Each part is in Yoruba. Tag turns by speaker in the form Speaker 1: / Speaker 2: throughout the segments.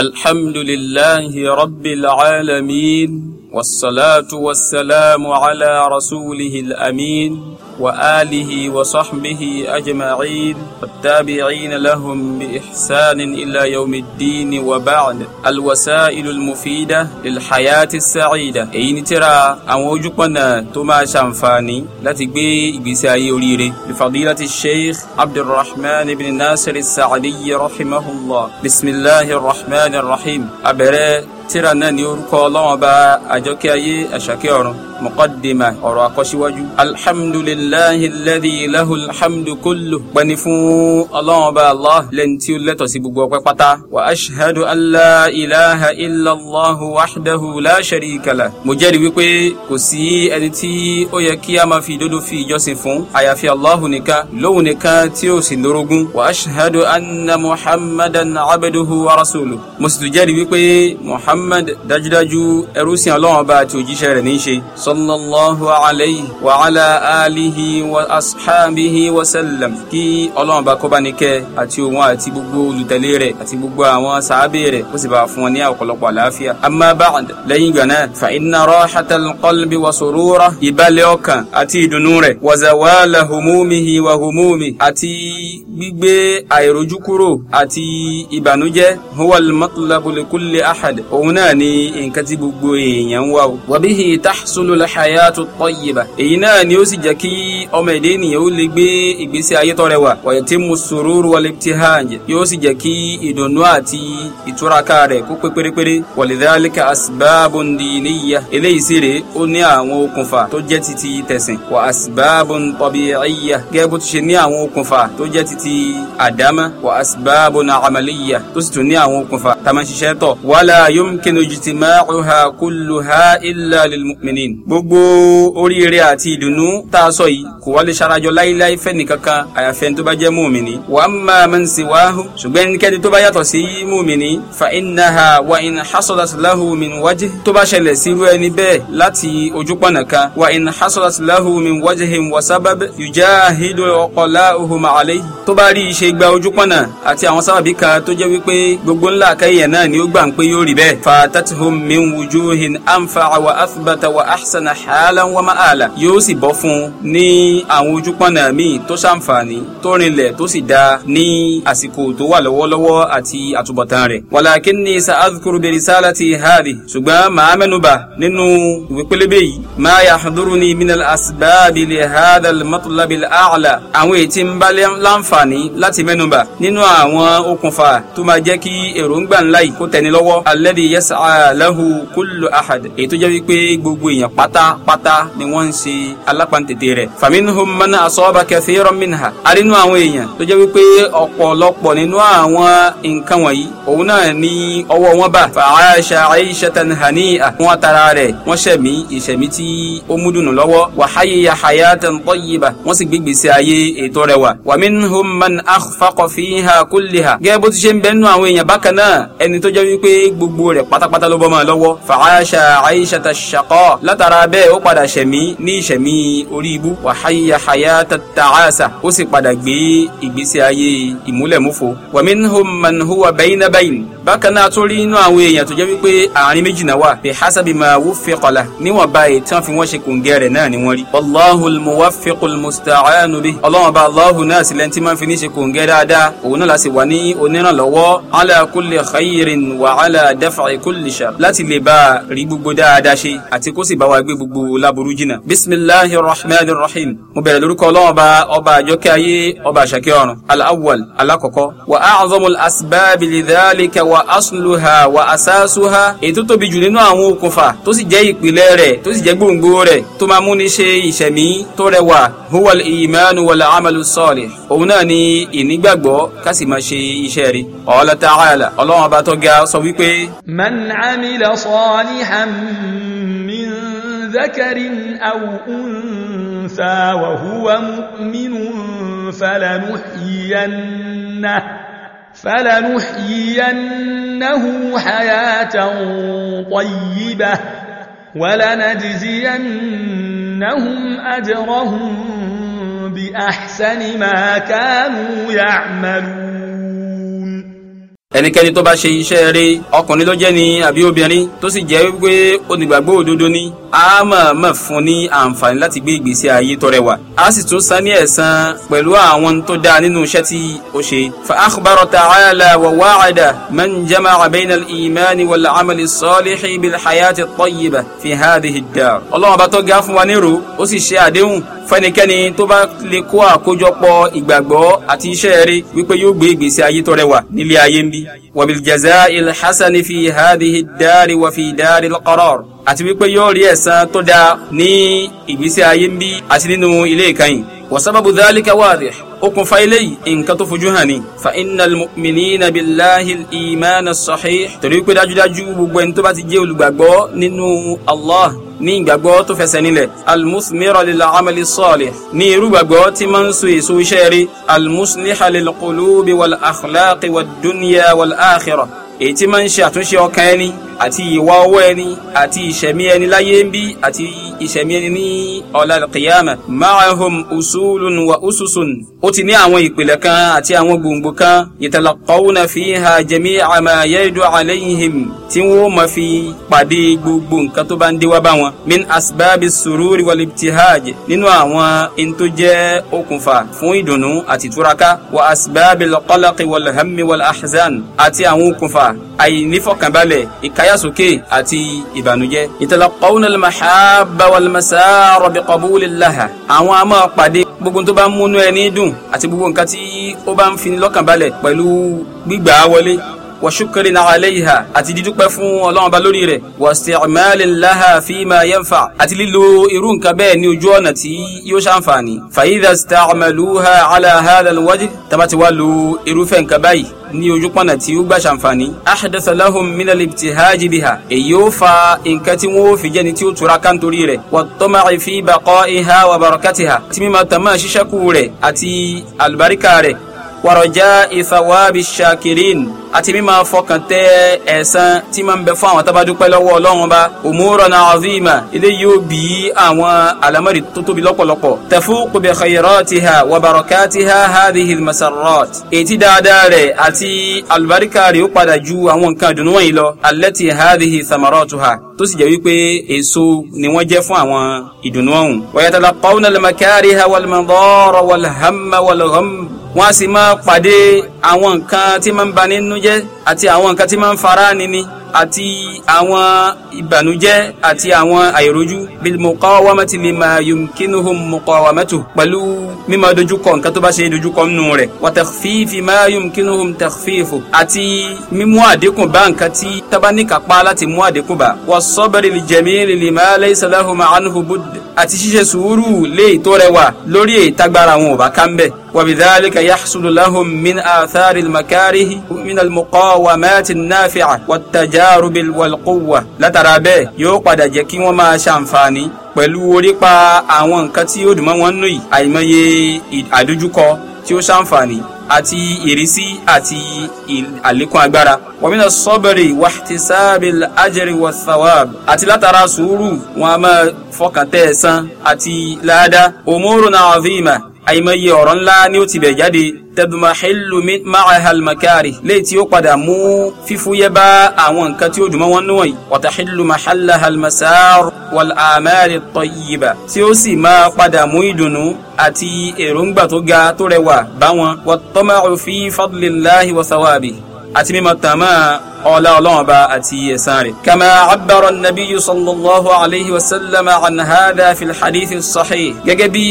Speaker 1: الحمد لله رب العالمين والصلاة والسلام على رسوله الأمين وآله وصحبه أجمعين والتابعين لهم بإحسان إلى يوم الدين وبعد الوسائل المفيدة للحياة السعيدة إن ترى أن وجبنا تما شانفاني máa ṣàǹfààní láti gbé ìgbésí الشيخ عبد الرحمن بن ناصر السعدي رحمه الله بسم الله الرحمن الرحيم a ترى tírà náà الله orúkọ Ọlọ́run Ọba àjọkẹ́ ayé muqaddima ọ̀rọ̀ akọ́ṣíwájú. alhamdulillahi alladhi lahu alhamdu kullu. gbani fún ọlọ́run bá allah lẹ́ni tí ó lẹ́tọ̀ sí gbogbo ọpẹ́ pátá. wa ashhadu an la ilaha illallah wahdahu la sharika lah. mo jẹ́rìí wípé kò sí ẹni tí ó yẹ kí a máa fi ìdodo fi ìjọsìn fún àyàfi allah nìkan lóhun nìkan tí ó sì lórogún. wa ashhadu anna muhammadan abduhu wa rasuluhu. mo sì tún jẹ́rìí wípé muhammad dájúdájú ẹrú sìn ọlọ́run bá àti òjíṣẹ́ rẹ̀ ní í ṣe. صلى الله عليه وعلى آله وأصحابه وسلم kí ọlọ́run bá kó bá ní kẹ́ àti òun àti gbogbo olùtẹ̀lé rẹ̀ àti gbogbo àwọn sàábé rẹ̀ ó sì bá fún wọn ní ọ̀pọ̀lọpọ̀ àlàáfíà. amma ba'd lẹ́yìn ìgbà náà fa inna rahatal qalbi wa surura ìbálẹ̀ ọkàn àti ìdùnnú rẹ̀ wa zawala humumihi wa humumi àti gbígbé àìrójú kúrò àti ìbànújẹ́ huwal matlabu likulli ahad òun náà ni nǹkan tí gbogbo èèyàn ń wá o. wa bihi tahsulu alhayatu tayyiba èyí náà ni ó sì jẹ́ kí ọmọ èdè ènìyàn ó lè gbé ìgbésí ayé tó rẹwà wa yatimmu sururu wal ibtihaj yóò sì jẹ́ kí ìdùnnú àti ìtúraká rẹ̀ kó pé pérépéré walidhalika asbabun diniyya eléyìí sì rèé ó ní àwọn okùnfà tó jẹ́ titi tẹ̀sìn wa asbabun tabi'iyya gẹ́gẹ́ bó ti ṣe ní àwọn okùnfà tó jẹ́ titi àdámá wa asbabun amaliyya tó sì tún ní àwọn okùnfà tá tọ̀ wala yumkinu ijtima'uha kulluha gbogbo oríire àti ìdùnnú tá a sọ yìí kò wá lè ṣarajọ láíláí fẹ́ni kankan àyàfẹ́ tó bá jẹ́ mùmìnì. wà á máa mọ̀ sí wa ṣùgbọ́n ẹnikẹ́ni tó bá yàtọ̀ sí mùmìnì fa innaha wa in hasadat lahu min tó bá ṣẹlẹ̀ sírú ẹni bẹ́ẹ̀ láti ojú pọ̀nà kan wa in hasadat lahu min wajhin wa sabab yujahidu uqala'uhu ma'alayhi tó bá rí iṣẹ́ gba ojú pọ̀nà àti àwọn sábàbí kan tó jẹ́ wípé gbogbo ńlá hasana halan wa ma'ala yóò sì bọ́ fún un ní àwọn ojúpọ̀nà míì tó ṣàǹfààní tó rinlẹ̀ tó sì dáa ní àsìkò tó wà lọ́wọ́lọ́wọ́ àti àtúbọ̀tán rẹ̀. walakinni sa'adhkuru bi risalati hadhi ṣùgbọ́n màá mẹ́nuba nínú ìwé pélébé yìí ma yahduruni minal asbabi li hadha al-matlabi al-a'la àwọn ètí ń bá láǹfààní láti mẹ́nuba nínú àwọn okùnfà tó máa jẹ́ kí èròǹgbà ńlá pátápátá ni wọ́n ń ṣe alápàǹtẹ̀tẹ̀ rẹ̀. faminhum man asaba kathiran minha. a rí inú àwọn èèyàn tó jẹ́ wípé ọ̀pọ̀lọpọ̀ nínú àwọn nǹkan wọ̀nyí òun náà ní ọwọ́ wọn bá. fa'asha 'aishatan hani'a. wọ́n tara rẹ̀ wọ́n ṣẹ̀mí ìṣẹ̀mí tí ó múdùnú lọ́wọ́. wa hayya hayatan tayyiba. wọ́n sì gbé gbèsè ayé ètò rẹwà. wa minhum man nínú àwọn náà látara bẹ́ẹ̀ ó padà ṣẹ̀mí ní ìṣẹ̀mí orí ibú wàháyà hayá tàtàásà ó sì padà gbé ìgbésí ayé ìmúlẹ̀múfo. wa minhum man huwa bayna bayn bákan náà tó rí inú àwọn èèyàn tó jẹ́ wípé àárín méjì náà wà bí hasabi ma wuffiqa lahu níwọ̀n báyìí tí wọ́n fi wọ́n ṣe kòǹgẹ́ rẹ̀ náà ni wọ́n rí. wallahul muwaffiqul musta'anu bi ọlọ́run bá allahu náà sílẹ̀ tí máa ń wa gbé gbogbo laburu jìnnà. bisimilahi rahman rahim. mo bẹ̀rẹ̀ lórúkọ ọlọ́run ọba ọba àjọkẹ́ ayé ọba àṣàkẹ́ ọ̀run. al-awwal alakọ̀kọ́. wa a'zamul asbaabi lidhalika wa asluha wa asaasuha. èyí tó tóbi jù nínú àwọn okùnfà tó sì jẹ́ ìpìlẹ̀ rẹ̀ tó sì jẹ́ gbòǹgbò rẹ̀ tó máa múni ṣe ìṣẹ̀mí tó rẹwà huwal imanu wal amalu salih. òun náà ni ìnígbàgbọ́ ká máa ṣe iṣẹ́ rí. ọ̀la ta'ala ọlọ́run ọba tó ga sọ wípé.
Speaker 2: man amila salihan min ذكر أو أنثى وهو مؤمن فلنحيينه, فلنحيينه حياة طيبة ولنجزينهم أجرهم بأحسن ما كانوا يعملون
Speaker 1: ẹnikẹ́ni tó bá ṣe iṣẹ́ rere ọkùnrin ló jẹ́ ni àbí obìnrin tó sì jẹ́ wípé onígbàgbọ́ òdodo ni a mọ̀ọ́mọ̀ fún ní àǹfààní láti gbé ìgbésí ayé tó rẹwà a sì tún san ní ẹ̀san pẹ̀lú àwọn tó dáa nínú iṣẹ́ tí ó ṣe. fa akhbaro ta'ala wa wa'ada man jama'a bayna al-imani wal amali salihi bil hayati fi hadhihi dar ọlọ́run bá tó ga fún wa nírò ó sì ṣe àdéhùn fẹ́nikẹ́ni tó bá lè kó àkójọpọ̀ ìgbàgbọ́ àti iṣẹ́ rere wípé yóò gbé ìgbésí ayé tó rẹwà nílé ayé ń bí wàbìlìjẹ̀zá ilhassan fi hadihi dari wa fi dari lọ́kọ́rọ́ àti wípé yóò rí ẹ̀san tó dáa ní ìgbésí ayé ń bí àti nínú ilé ìkàyìn wasababu dhalika wadih okùnfà eléyìí nǹkan tó fojú hàn ni. fa innal mu'minina billahi al-iman as torí pé dájúdájú gbogbo ẹni tó bá ti jẹ́ olùgbàgbọ́ nínú allah ní gbàgbọ́ tó fẹsẹ̀ nílẹ̀ almusmira lil amali salih ní irú gbàgbọ́ tí máa ń so èso iṣẹ́ rí almusliha lil qulubi wal akhlaqi wad dunya wal akhirah èyí tí máa ń ṣe àtúnṣe ọkàn ẹni àti ìwà ọwọ́ ẹni àti ìṣẹ̀mí ẹni láyé ń bí àti ìṣẹ̀mí ẹni ní ọ̀la kìyàmà ma'ahum usulun wa ususun ó ti ní àwọn ìpìlẹ̀ kan àti àwọn gbòǹgbò kan yatalaqawna fiha jami'a ma yadu alayhim tí wọ́n máa fi pàdé gbogbo nǹkan tó bá ń dé bá wọn. min asbabis sururi wal ibtihaj nínú àwọn in tó jẹ́ okùnfà fún ìdùnnú àti túraká wa asbabil qalaqi wal hammi wal ahzan àti àwọn okùnfà àìnífọ̀kànbalẹ̀ ìkáyàsókè àti ìbànújẹ́. ìtàlàkọ́wọ́n náà mahabba wal masara bi qabulillaha. àwọn a máa pàdé gbogbo tó bá ń múnú ẹni dùn àti gbogbo nǹkan tí ó bá ń fini lọ́kànbalẹ̀ pẹ̀lú gbígbà wọlé wa shukrin alayha àti dídúpẹ́ fún ọlọ́run ba lórí rẹ̀ wa isti'malin laha fima yanfa àti lílo irú nǹkan bẹ́ẹ̀ ní ojú ọ̀nà tí yóò ṣàǹfààní fa idha ista'maluha ala hadha alwajh tabati wa lo irúfẹ́ nǹkan báyìí ní ojú pọ̀nà tí ó gbà ṣàǹfààní ahdatha lahum min al-ibtihaj biha èyí ó fa nǹkan tí wọ́n fi jẹ́ni tí ó tura ká nítorí rẹ̀ wa tama'i fi baqa'iha wa barakatiha tí mímọ tàmá ṣiṣẹ́kù rẹ̀ àti àlùbáríkà rẹ̀ wa raja'i thawabi shakirin àti mímọ fọkàn tẹ ẹ̀san tí máa ń bẹ fún àwọn tó bá dúpẹ́ lọ́wọ́ ọlọ́run ọba umuran azima eléyìí ó bí àwọn àlámọ̀rí tó tóbi lọ́pọ̀lọpọ̀ tafuqu bi khayratiha wa barakatiha hadhihi almasarrat ètí dáadáa rẹ̀ àti àlùbáríkà rẹ̀ ó padà ju àwọn nǹkan ìdùnnú wọ̀nyí lọ allati hadhihi thamaratuha tó sì jẹ́ wípé èso ni wọ́n jẹ́ fún àwọn ìdùnnú ọ̀hún. wa yatalaqawna almakariha walmadara walhamma walgham wọ́n á sì máa pàdé àwọn nǹkan tí máa ń ba nínú jẹ́ àti àwọn nǹkan tí máa ń fara nini àti àwọn ìbànújẹ́ àti àwọn àìrójú bilmuqawamati lima yumkinuhum muqawamatu pẹ̀lú mímọ dojúkọ nǹkan tó bá ṣe dojúkọ nù rẹ̀ wa takhfifi ma yumkinuhum takhfifu àti mímú àdínkù bá nǹkan tí tabaníkàpá láti mú àdínkù bá wa sabri lil jamili lima laysa lahum anhu budd àti ṣíṣe sùúrù léè tó rẹwà lórí èyí wọn ò bá ká ń bẹ̀. وبذلك يحصل لهم من آثار المكاره من المقاومات النافعة والتجارب والقوة لا ترى به. padà jẹ́ kí wọ́n pẹ̀lú orípa àwọn nǹkan tí ó dùn wọn nù yìí àìmọye àdójúkọ tí ó ṣàǹfààní àti ìrísí àti àlékún agbára wàmínà sọ́bẹ̀rì wàhtísáàbì àjẹrì wàsáwàb àti látara sùúrù wọn a máa fọkàn tẹ̀ ẹ̀san àti láàdá òmùrùn náà àfihàn àìmọye ọ̀rọ̀ ńlá ni ó ti bẹ̀ jáde tẹdùmáhìlù máàhàlmákàrí léyìí tí ó padà mú fífúyẹ́ bá àwọn nǹkan tí ó dùn mọ́ wọn níwọ̀nyí wàtàhìlù máàhàlmásáàr wàlámàrí tọ́yìbà tí ó sì máa padà mú ìdùnnú àti èròǹgbà tó ga tó rẹwà báwọn wàtọ́mọ̀ fi fadlillahi wasawabi àti mímọ̀ tàmáà ọlá ọlọ́run ọba àti ẹ̀san rẹ̀. kama abara nabi sallallahu alayhi wa sallam an hada fil hadith sahih. gẹ́gẹ́ bí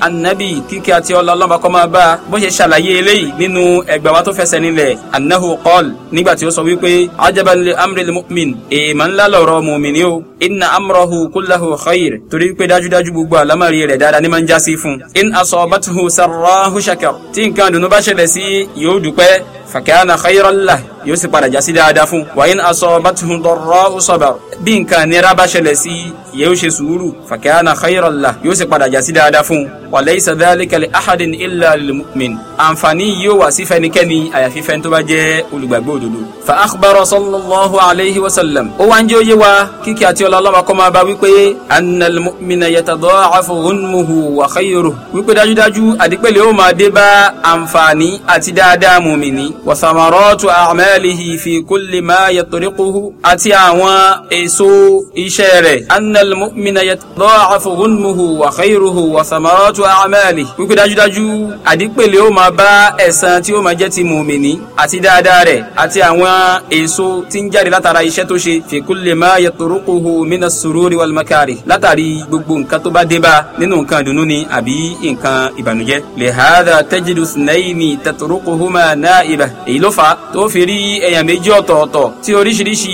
Speaker 1: anabi kíkẹ́ àti ọlá ọlọ́run ọba kọ́ máa bá bó ṣe ṣàlàyé eléyìí nínú ẹgbẹ́ wa tó fẹsẹ̀ nílẹ̀ anahu qol nígbà tí ó sọ wípé ajaban li mu'min èèmọ̀ ńlá lọ̀rọ̀ mùmìnì o inna amrahu kullahu khayr torí pé dájúdájú gbogbo àlámàrí rẹ̀ dáadáa ní máa ń já sí fún. in asabatuhu sarrahu shakar tí nǹkan dùnú bá ṣẹlẹ̀ sí yóò dúpẹ́ fakana khayran lahu yóò sì padà jásí dáadáa fún. wa in asabatuhu darra'u sabara bí nǹkan nira bá ṣẹlẹ̀ sí yóò ṣe sùúrù fa kana khayran lah yóò sì padà jásí dáadáa fún. wa laysa dhalika li ahadin illa lil mu'min. àǹfààní yóò wá sí fẹnikẹ́ni àyàfi fẹ́ni tó bá jẹ́ olùgbàgbọ́ òdodo. fa akhbara sallallahu alayhi wa sallam. ó wá ń jẹ́ òye wa kíkí àti ọlọ́lọ́wà kọ́ máa bá wípé anna al mu'mina yatada'afu ghunmuhu wa khayruhu wípé dájúdájú àdípẹ́lẹ́ ó máa dé bá àǹfààní àti dáadáa mùmìnì wa thamaratu a'mal amalihi fi kulli ma yatoriquhu àti àwọn èso iṣẹ́ rẹ̀ annal mu'mina yatadha'afu ghunmuhu wa khayruhu wa samaratu amali wípé dájúdájú àdípèlé ó máa bá ẹ̀san tí ó máa jẹ́ ti mùmìnì àti dáadáa rẹ̀ àti àwọn èso tí ń jáde látara iṣẹ́ tó ṣe fi kulli ma yatoriquhu mina sururi wal makari látàrí gbogbo nǹkan tó bá dé bá nínú nǹkan ìdùnnú ni àbí nǹkan ìbànújẹ́ lihadha tajidu sinayini taturukuhuma naiba èyí ló fà tó fi ẹ̀yàn méjì ọ̀tọ̀ọ̀tọ̀ tí oríṣiríṣi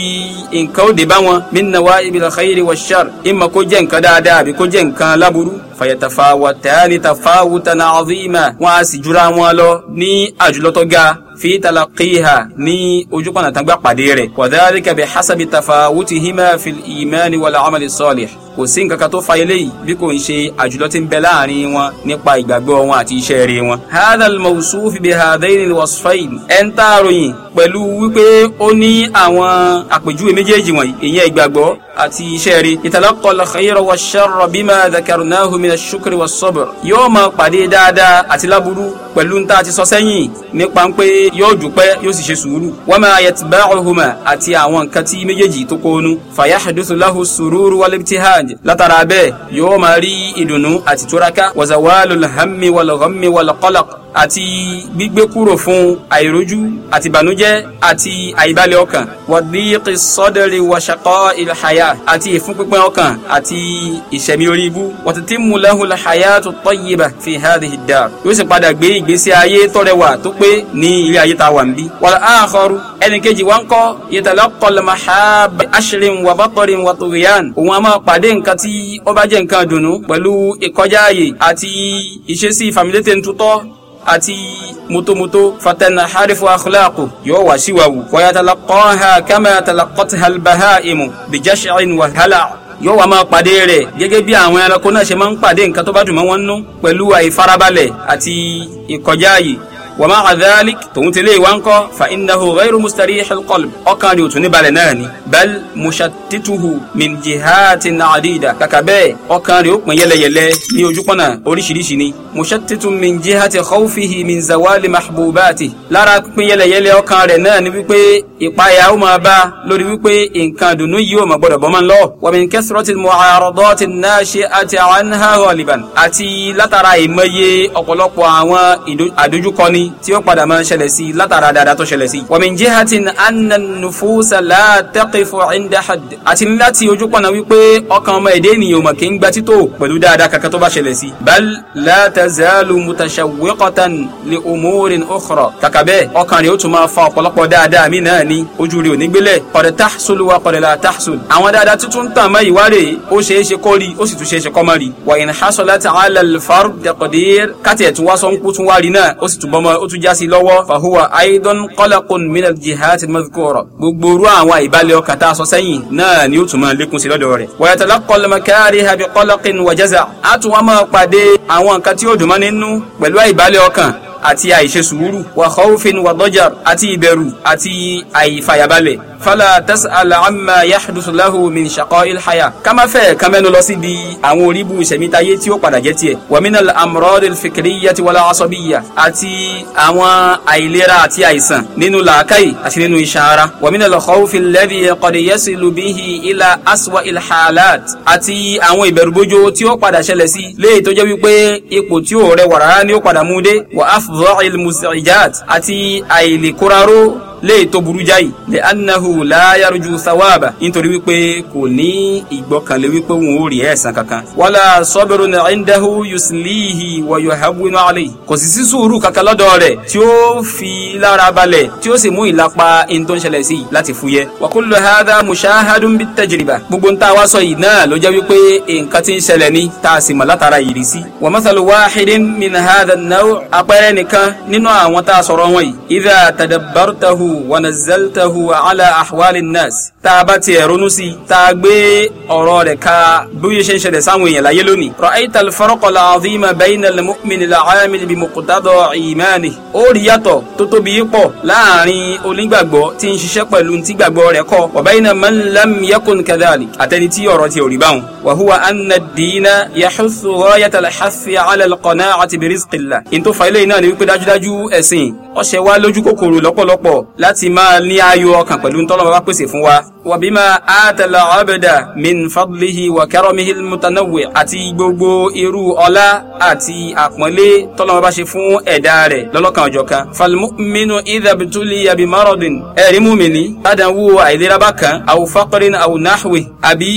Speaker 1: nǹkan ó dé bá wọn min nawaibil khairi washar ìmọ̀ kó jẹ́ nǹkan dáadáa àbí kó jẹ́ nǹkan láburú fayatafawatani tafawutan azima wọn a sì jura wọn lọ ní àjùlọ́tọ̀ ga fi talaqiha ní ojúkọ̀nà tán gbà pàdé rẹ̀ wa dhalika bi hasabi tafawutihima fil imani wal amali salih kò sí nǹkan kan tó fa eléyìí bí kò ń ṣe àjùlọ tí ń bẹ láàrin wọn nípa ìgbàgbọ́ wọn àti iṣẹ́ rere wọn. hadal mawsuf bi hadainil wasfain ẹn tá a ròyìn pẹ̀lú wípé ó ní àwọn àpèjúwe méjèèjì wọ̀nyí ìyẹn ìgbàgbọ́ àti iṣẹ́ rere. ìtàlákọ̀ al-khayra wa sharra bima dhakarnahu min ash-shukri wa sabr. yóò máa pàdé dáadáa àti láburú pẹ̀lú ń tá a ti sọ sẹ́yìn nípa pé yóò dúpẹ́ yóò sì ṣe sùúrù. wa ma yatba'uhuma àti àwọn nǹkan tí méjèèjì tó kóonú. fa yahduthu lahu sururu wal ibtihaj ibad látara bẹ́ẹ̀ yóò máa rí ìdùnnú àti túraká wàzàwálùl hammi wàlghammi wàlqalaq àti gbígbé kúrò fún àìrójú àti ìbànújẹ́ àti àìbalẹ̀ ọkàn wàdíyíkì sọdẹrì wàṣàkọ ìlàhàyà àti ìfúnpínpín ọkàn àti ìṣẹ̀mí orí ibú wàtítí múlẹ́hùn làhàyà tó tọ́yìnbà fi hàdí ìdá yóò sì padà gbé ìgbésí ayé tọrẹwà tó pé ní ilé ayé tá wà ń bí. wàlá àkọrù ẹnì kejì wa ń kọ́ ìtàlẹ́ kọlọ́mà ha bẹ aṣèlérìn wà bọ́kọrin wà tòríyàn òun a máa pàdé nǹkan tí ó bá jẹ́ nǹkan dùnú pẹ̀lú ìkọjá àti ìṣesí fàmílétẹ̀ àti mutomuto fatana harifu akhlaqu yóò wá síwáwù wayatalaqaha kama talaqatha albahaimu bijash'in wa hala' yóò wá máa pàdé rẹ̀ gẹ́gẹ́ bí àwọn ẹranko náà ṣe máa ń pàdé nǹkan tó bá dùn mọ́ wọn nú pẹ̀lú àìfarabalẹ̀ àti ìkọjá àyè wa ma'a dhalik tòun ti lé ìwà ńkọ́ fa innahu ghayru mustarih alqalb ọkàn ni òtún ní balẹ̀ náà ni bal mushattituhu min jihatin adida kàkà bẹ́ẹ̀ ọkàn rẹ̀ ó pín yẹlẹyẹlẹ ní ojúpọ̀nà oríṣiríṣi ni mushattitu min jihati khawfihi min zawali mahbubati lára pín yẹlẹyẹlẹ ọkàn rẹ̀ náà ni wípé ìpayà ó máa bá lórí wípé nǹkan dùnú yìí ó máa gbọ́dọ̀ bọ́ máa ń lọ wa min kasratil mu'aradati nashi'ati anha ghaliban àti látara ìmọye ọ̀pọ̀lọpọ̀ àwọn àdójúkọni ni tí ó padà máa ń ṣẹlẹ̀ sí i látara dáadáa tó ṣẹlẹ̀ sí i. wàmí jẹ́ àti anna nufusa la taqifu inda hadd àti láti ojú pọ̀nà wípé ọkàn ọmọ èdè ènìyàn mà kì í gba títò pẹ̀lú dáadáa kankan tó bá ṣẹlẹ̀ sí i. bal la tazalu mutashawwiqatan li umurin ukhra kàkà bẹ́ẹ̀ ọkàn rẹ̀ ó tún máa fa ọ̀pọ̀lọpọ̀ dáadáa mí náà ni ojú rẹ̀ ò ní gbélẹ̀ qad tahsulu ó tún já sí lọ́wọ́ fahuwa aidan qalaqun min al-jihati al-madhkura gbogbo orú àwọn ìbálẹ̀ ọkàn tá a sọ sẹ́yìn náà ni ó tún máa lékún sí lọ́dọ̀ rẹ̀. wa yatalaqqa al-makariha bi qalaqin wa tún wá máa pàdé àwọn nǹkan tí ó dùn nínú pẹ̀lú àìbálẹ̀ ọkàn àti àìṣe sùúrù wà khawfin wà dọ́jà àti ìbẹ̀rù àti àìfàyàbalẹ̀ fala tas'al amma yahduthu lahu min shaqa'il haya kama fẹ́ kamẹ́nu lọ síbi àwọn oríbu ìṣẹ̀mítayé tí ó padà jẹ́ tiẹ̀ wa minal amradil fikriyati wala asabiyya àti àwọn àìlera àti àìsàn nínú làákàyè àti nínú iṣan ara wa minal khawfil ladhi qad yasilu bihi ila aswa'il halat àti àwọn ìbẹ̀rùbojo tí ó padà ṣẹlẹ̀ sí léè tó jẹ́ wípé ipò tí ò rẹwà rárá ni ó padà mú dé wa af ضع المزعجات التي أي لكرارو léè tó burú jáì lè anahu láyàrújú sawaba nítorí wípé kò ní ìgbọ́kànlé wípé òun ò rí ẹ̀san kankan. wàlà sọ́bẹ̀rù ní ẹ̀ńdáhu yuslihi wa yuhawwinu alayhi. kò sì sí sùúrù kankan lọ́dọ̀ rẹ̀ tí ó fi lára balẹ̀ tí ó sì mú ìlapa in tó ń ṣẹlẹ̀ sí i láti fúyẹ́. wa kullu hadha mushahadun bit tajriba. gbogbo ń tá sọ yìí náà ló jẹ́ wípé nǹkan tí ń ṣẹlẹ̀ ní tá a sì mọ̀ látara ìrísí. wa mathalu wahidin min hadha an-naw' nìkan nínú àwọn tá a sọ̀rọ̀ wọn yìí. idha tadabbartahu wọnàzẹ́lítàhù àlà àhwálì nọ́ọ̀sì tá a bá tiẹ̀ ronú sí i tá a gbé ọ̀rọ̀ rẹ̀ ká bí ó ṣe ń ṣẹlẹ̀ sáwọn èèyàn láyé lónìí. ra'ayta al-farqal azima bayna al-mu'min bi muqtada imani. ó rí yàtọ̀ tó tóbi pọ̀ láàrin onígbàgbọ́ tí ń ṣiṣẹ́ pẹ̀lú ti gbàgbọ́ rẹ̀ kọ́ wa bayna man lam yakun kadhalik àtẹni tí ọ̀rọ̀ ti ò rí báwọn. wa huwa anna ad-dina yahuthu ghayata ala al-qana'ati bi rizqillah. in tó fa ilé iná ni ó ṣe wá lójú kòkòrò lọ́pọ̀lọpọ̀ láti máa ní ayọ̀ ọkàn pẹ̀lú ntọ́lọ́mọba pèsè fún wa wàbímà àtàlà ọ̀bẹ̀dà min fadlihi wa karamihi mutanawwi àti gbogbo irú ọlá àti àpọ́nlé tọ́lọ́mọba ṣe fún ẹ̀dá rẹ̀ lọ́lọ́kan ọ̀jọ̀kan. falmuminu idabituli abi marodin ẹ̀rí múmini ládàáwó àìlérabá kan aw faqrin aw nahwi àbí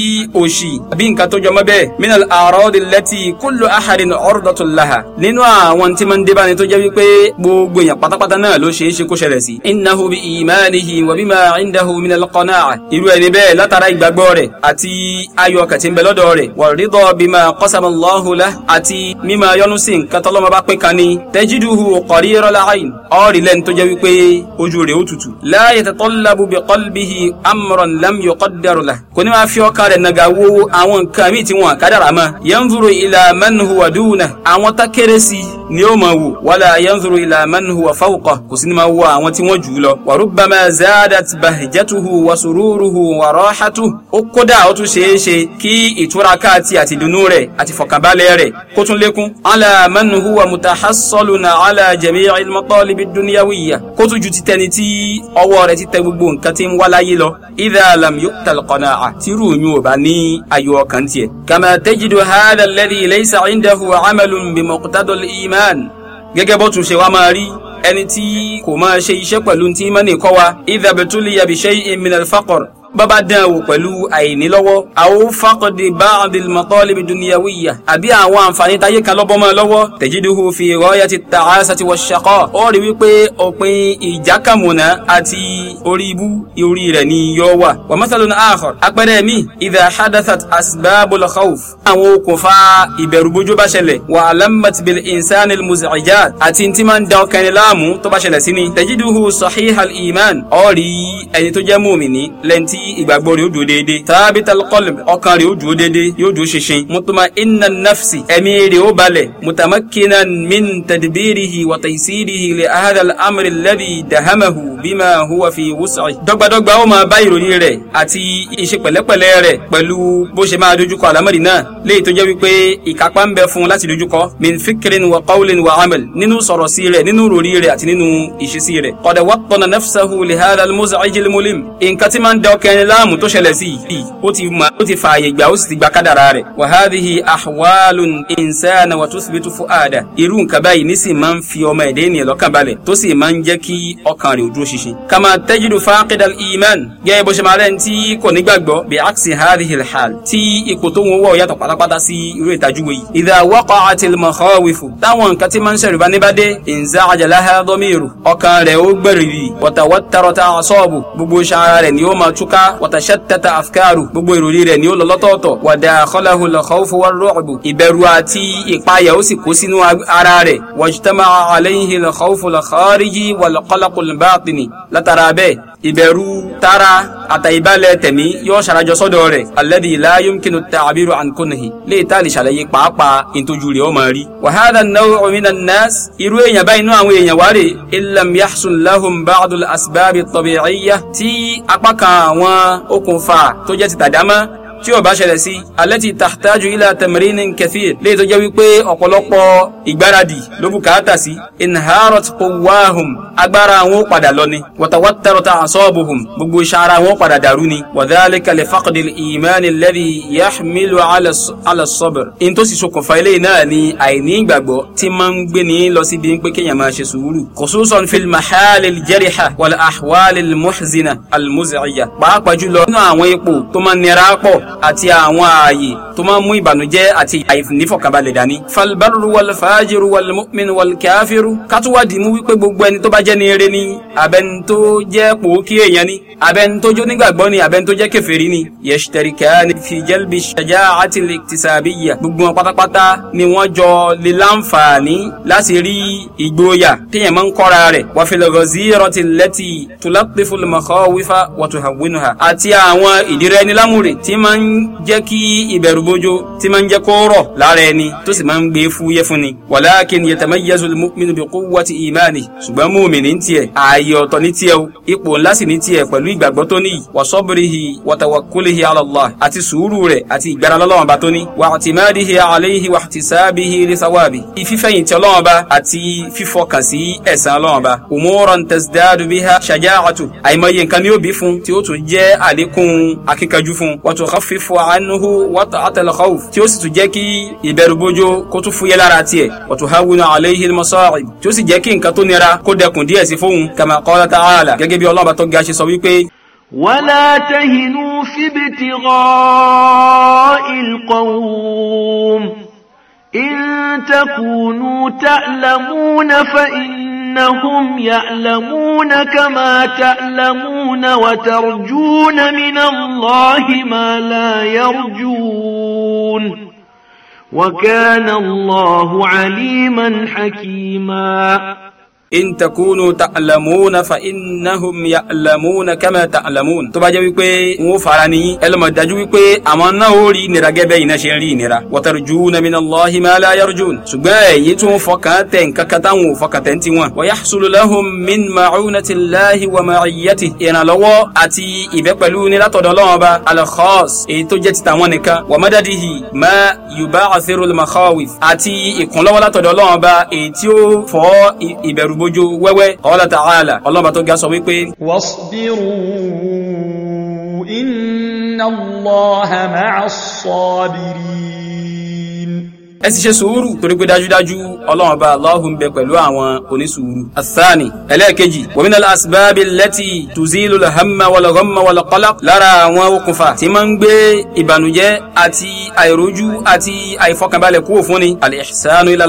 Speaker 1: òṣì àbí nǹkan tó jọmọ́ bẹ́ẹ̀ minal arọ́ọ̀dì lẹ́tì kullu ahadin ọ̀rọ̀dọ̀tún laha nínú àwọn tí máa ń débá ni tó jẹ́ wípé gbogbo èèyàn pátápátá náà ló ṣeé ṣe kó ṣẹlẹ̀ sí irú ẹni bẹ́ẹ̀ látara ìgbàgbọ́ rẹ̀ àti ayọ̀ ọkàn tí ń bẹ lọ́dọ̀ rẹ̀ wà rídọ́ bímọ kọ́sàmọ́láhùlá àti mímọ yọnu sí nǹkan tọ́lọ́mọ bá pín kan ní tẹ́jídùhù ọ̀kọ̀rí rọ́lá àìn ọ̀rí lẹ́nu tó jẹ́ wípé ojú rẹ̀ ó tutù. láàyè tẹ́tọ́ labu bí kọ́lbìhì amúràn lam yọ kọ́dàrú la. kò ní máa fi ọkàn rẹ̀ nàga wo àwọn nǹkan míì tí wọn kádàrà mọ́. yanzuru ilà mẹ́nuhu wà dùnà kò sí ni máa wò àwọn tí wọ́n jù lọ. wàrúbàmà zaadat bahijatuhu wasururu ruhu wa rahatu ó kódà ó tún ṣeé ṣe kí ìtúraká àti àtìdùnnú rẹ̀ àti fọkànbalẹ̀ rẹ̀ kó tún lékún. ala man huwa mutahassaluna ala jami'il matalibi dunyawiyya kó tún ju ti tẹni tí ọwọ́ rẹ̀ ti tẹ gbogbo nǹkan tí ń wá láyé lọ. idha lam yuqtal qana'a tí rúùyún ò bá ní ayọ̀ ọkàn tiẹ̀. kama tajidu hadha alladhi laysa indahu amalun bi muqtadal iman gẹ́gẹ́ bó tún ṣe wá máa rí ẹni tí kò máa ṣe iṣẹ́ pẹ̀lú tí mọ́nì kọ́ wa idha batuliya bi shay'in min al-faqr bàbá dán wò pẹ̀lú àìní lọ́wọ́ àwọn fàkọ̀dì bá àdìlmọ̀tọ́lẹ́bì dùnìyàwìyà àbí àwọn àǹfààní táyé kan lọ́bọ́ mọ́ lọ́wọ́ tẹ̀jídùhù fi rọ́ọ̀yà ti tà á sátì wọ́n ṣàkọ́ ó rí wípé òpin ìjákàmùnà àti orí ibú orí rẹ̀ ni yọ wà. wà mọ́sálù ní àhọ̀ apẹ̀rẹ̀ mi ìdá hadathat asbábul khawf àwọn okùnfà ìbẹ̀rùbojo bá ṣẹlẹ̀ wà alamat bil ìgbàgbọ́ rẹ̀ ó dúró déédéé thabital qalb ọkàn rẹ̀ ó dúró déédéé yóò dúró ṣinṣin mutma'inna nafsi ẹ̀mí rẹ̀ ó balẹ̀ mutamakkina min tadbirihi wa taysirihi li hadha al-amri alladhi dahamahu bima huwa fi wus'i. dọ́gbadọ́gba ó máa bá ìròyìn rẹ̀ àti ìṣe pẹ̀lẹ́pẹ̀lẹ́ rẹ̀ pẹ̀lú bó ṣe máa dojúkọ àlámọ̀rí náà léyìí tó jẹ́ wípé ìkápá ń bẹ fún láti dojúkọ. min fikrin wa qawlin wa amal nínú sọ̀rọ̀ sí rẹ̀ nínú ròrí rẹ̀ àti nínú ìṣesí rẹ̀. qad wattana nafsahu li hadha al-muz'ij al ẹni láàmú tó ṣẹlẹ̀ sí yìí ó ti ma ó ti fààyè gbà ó sì ti gba kádàrá rẹ̀. wa hadhihi ahwalun insana wa tuthbitu fuada irú nǹkan báyìí ní sì máa ń fi ọmọ ẹ̀dẹ́ ènìyàn lọ́kàn balẹ̀ tó sì máa ń jẹ́ kí ọkàn rẹ̀ ó dúró ṣinṣin. kama tajidu faqidal iman gẹ́gẹ́ bó ṣe máa rẹ̀ tí kò ní gbàgbọ́ bí aksi hadhihi alhal tí ipò tó ń wọ̀ yàtọ̀ pátápátá sí irú ìtajú asabu gbogbo ṣara rẹ̀ ni wàtàṣàtàtà afkaru gbogbo ìròrí rẹ̀ ni ó lọ lọ́tọ̀ọ̀tọ̀ wàdà àkọlàhùn lọ́kọ̀ọ́fọ̀ wà rọ́ọ̀bù ìbẹ̀rù àti ìpayà ó sì kó sínú ara rẹ̀ wàjútàmà àlẹ́yìn lọ́kọ̀ọ́fọ̀ lọ́kọ̀ọ́rìjì wà lọ́kọ̀lọ́kọ̀lùbáàtìní látara bẹ́ẹ̀ ìbẹ̀rù tara àtàìbalẹ̀ tẹ̀mí yóò ṣarajọ sọ́dọ̀ rẹ̀ alẹ́dì láyún kínú ta àbírò àǹkónìhì lè tá lè ṣàlàyé pàápàá ìtòjú rẹ̀ ó máa rí. wàhálà náà òmìnira nurse irú èèyàn báyìí inú àwọn èèyàn wá rè ilam yaxun lahum baadul asbaabi tọ̀bìrìyà tí apá kan àwọn àwọn okùnfà tó jẹ́ ti tàdámọ́ tí ó bá ṣẹlẹ̀ sí allati tahtaju ila tamrinin kathir léyìí tó jẹ́ wípé ọ̀pọ̀lọpọ̀ ìgbáradì ló bùkátà sí inharat quwwahum agbára àwọn ó padà lọ ni watawatarata asabuhum gbogbo iṣan ara wọn padà dàrú ni wa dhalika li faqdi al-imani alladhi yahmilu ala as-sabr in tó sì ṣokùnfà eléyìí náà ni àìní ìgbàgbọ́ tí máa ń gbé ní lọ síbi pé kéèyàn máa ṣe sùúrù khususan fil mahali al-jariha wal muhzina al pàápàá jùlọ nínú àwọn ipò tó máa nira pọ̀ àti àwọn ààyè tó máa ń mú ìbànújẹ́ àti àìnífọ̀kànbalẹ̀ dání. falbaru wal fajiru wal mu'min wal káfíru kátúwádìí mú wípé gbogbo ẹni tó bá jẹ́ ní eré ni abẹni tó jẹ́ pòókì èèyàn ni abẹni tó jó nígbàgbọ́ ni abẹni tó jẹ́ kèfèrí ni. yashtarikani fi jalbi shaja'ati liktisabiyya gbogbo wọn pátápátá ni wọ́n jọ lè láǹfààní láti rí ìgboyà téèyàn máa ń kọ́ra rẹ̀. wa fil ghazirati allati tulattifu al makhawifa wa tuhawwinuha àti àwọn ìdírẹ́nilámùrè tí máa máa ń jẹ́ kí ìbẹ̀rù bójó tí máa ń jẹ́ kóró lára ẹni tó sì máa ń gbé fúyẹ́ fún ni. walakin yatamayyazu al-mu'minu bi quwwati imani ṣùgbọ́n mu'mini ní tiẹ̀ ààyè ọ̀tọ̀ ní tiẹ̀ o ipò ńlá sì ní tiẹ̀ pẹ̀lú ìgbàgbọ́ tó ní wa sabrihi wa tawakkulihi ala Allah àti sùúrù rẹ̀ àti ìgbára lọ́lọ́wọ́n bá tó ní wa yukhaffifu anhu wat'ata al-khawf tí ó sì tún jẹ́ kí ìbẹ̀rùbojo kó tún fúyẹ́ lára tiẹ̀ wa tuhawwinu alayhi al-masa'ib tí ó sì jẹ́ kí nǹkan tó nira kó dẹkùn díẹ̀ sí fóun kama qala ta'ala gẹ́gẹ́ bí ọlọ́ọ̀bá tó ga ṣe sọ wípé.
Speaker 2: ولا تهنوا في ابتغاء القوم إن تكونوا تعلمون فإن إنهم يعلمون كما تعلمون وترجون من الله ما لا يرجون
Speaker 1: وكان الله عليما حكيما in takunu ta'lamuna fa innahum ya'lamuna kama ta'lamun. tó bá jẹ́ wípé n ó fara ni ẹ lè mọ̀ dájú wípé àwọn náà ó rí ìnira gẹ́gẹ́ iná ṣe ń rí ìnira. watarjuna minallahi ma la yarjun. ṣùgbọ́n èyí tún fọkàn tẹ̀ nǹkankan táwọn ò fọkàn tẹ̀ ń tiwọn. wa yahsulu lahum min ma'unatillahi wa ma'iyyatihi. ìrànlọ́wọ́ àti ìbẹ́ pẹ̀lú ní látọ̀dọ̀ Ọlọ́run Ọba al-khas èyí tó jẹ́ ti tàwọn nìkan. wa madadihi ma yuba'athiru al-makhawif àti ìkúnlọ́wọ́ látọ̀dọ̀ Ọlọ́run Ọba èyí tí ó fọ́ ìbẹ̀rù bójú wẹ́wẹ́ qala ta'ala ọlọ́ba tó ga sọ wípé.
Speaker 2: wasbiru inna Allaha maas
Speaker 1: ẹ sì ṣe sùúrù torí pé dájúdájú ọlọ́run ọba Allahu ń bẹ pẹ̀lú àwọn onísùúrù. athani ẹlẹ́ẹ̀kejì wàmínà asibábi lẹ́tì tuzilu lahamma wàlọ́gọ́mà wàlọ́kọ́lá lára àwọn okùnfà tí máa ń gbé ìbànújẹ́ àti àìrójú àti àìfọkànbalẹ̀ kúrò fún ni. al-ihsanu ila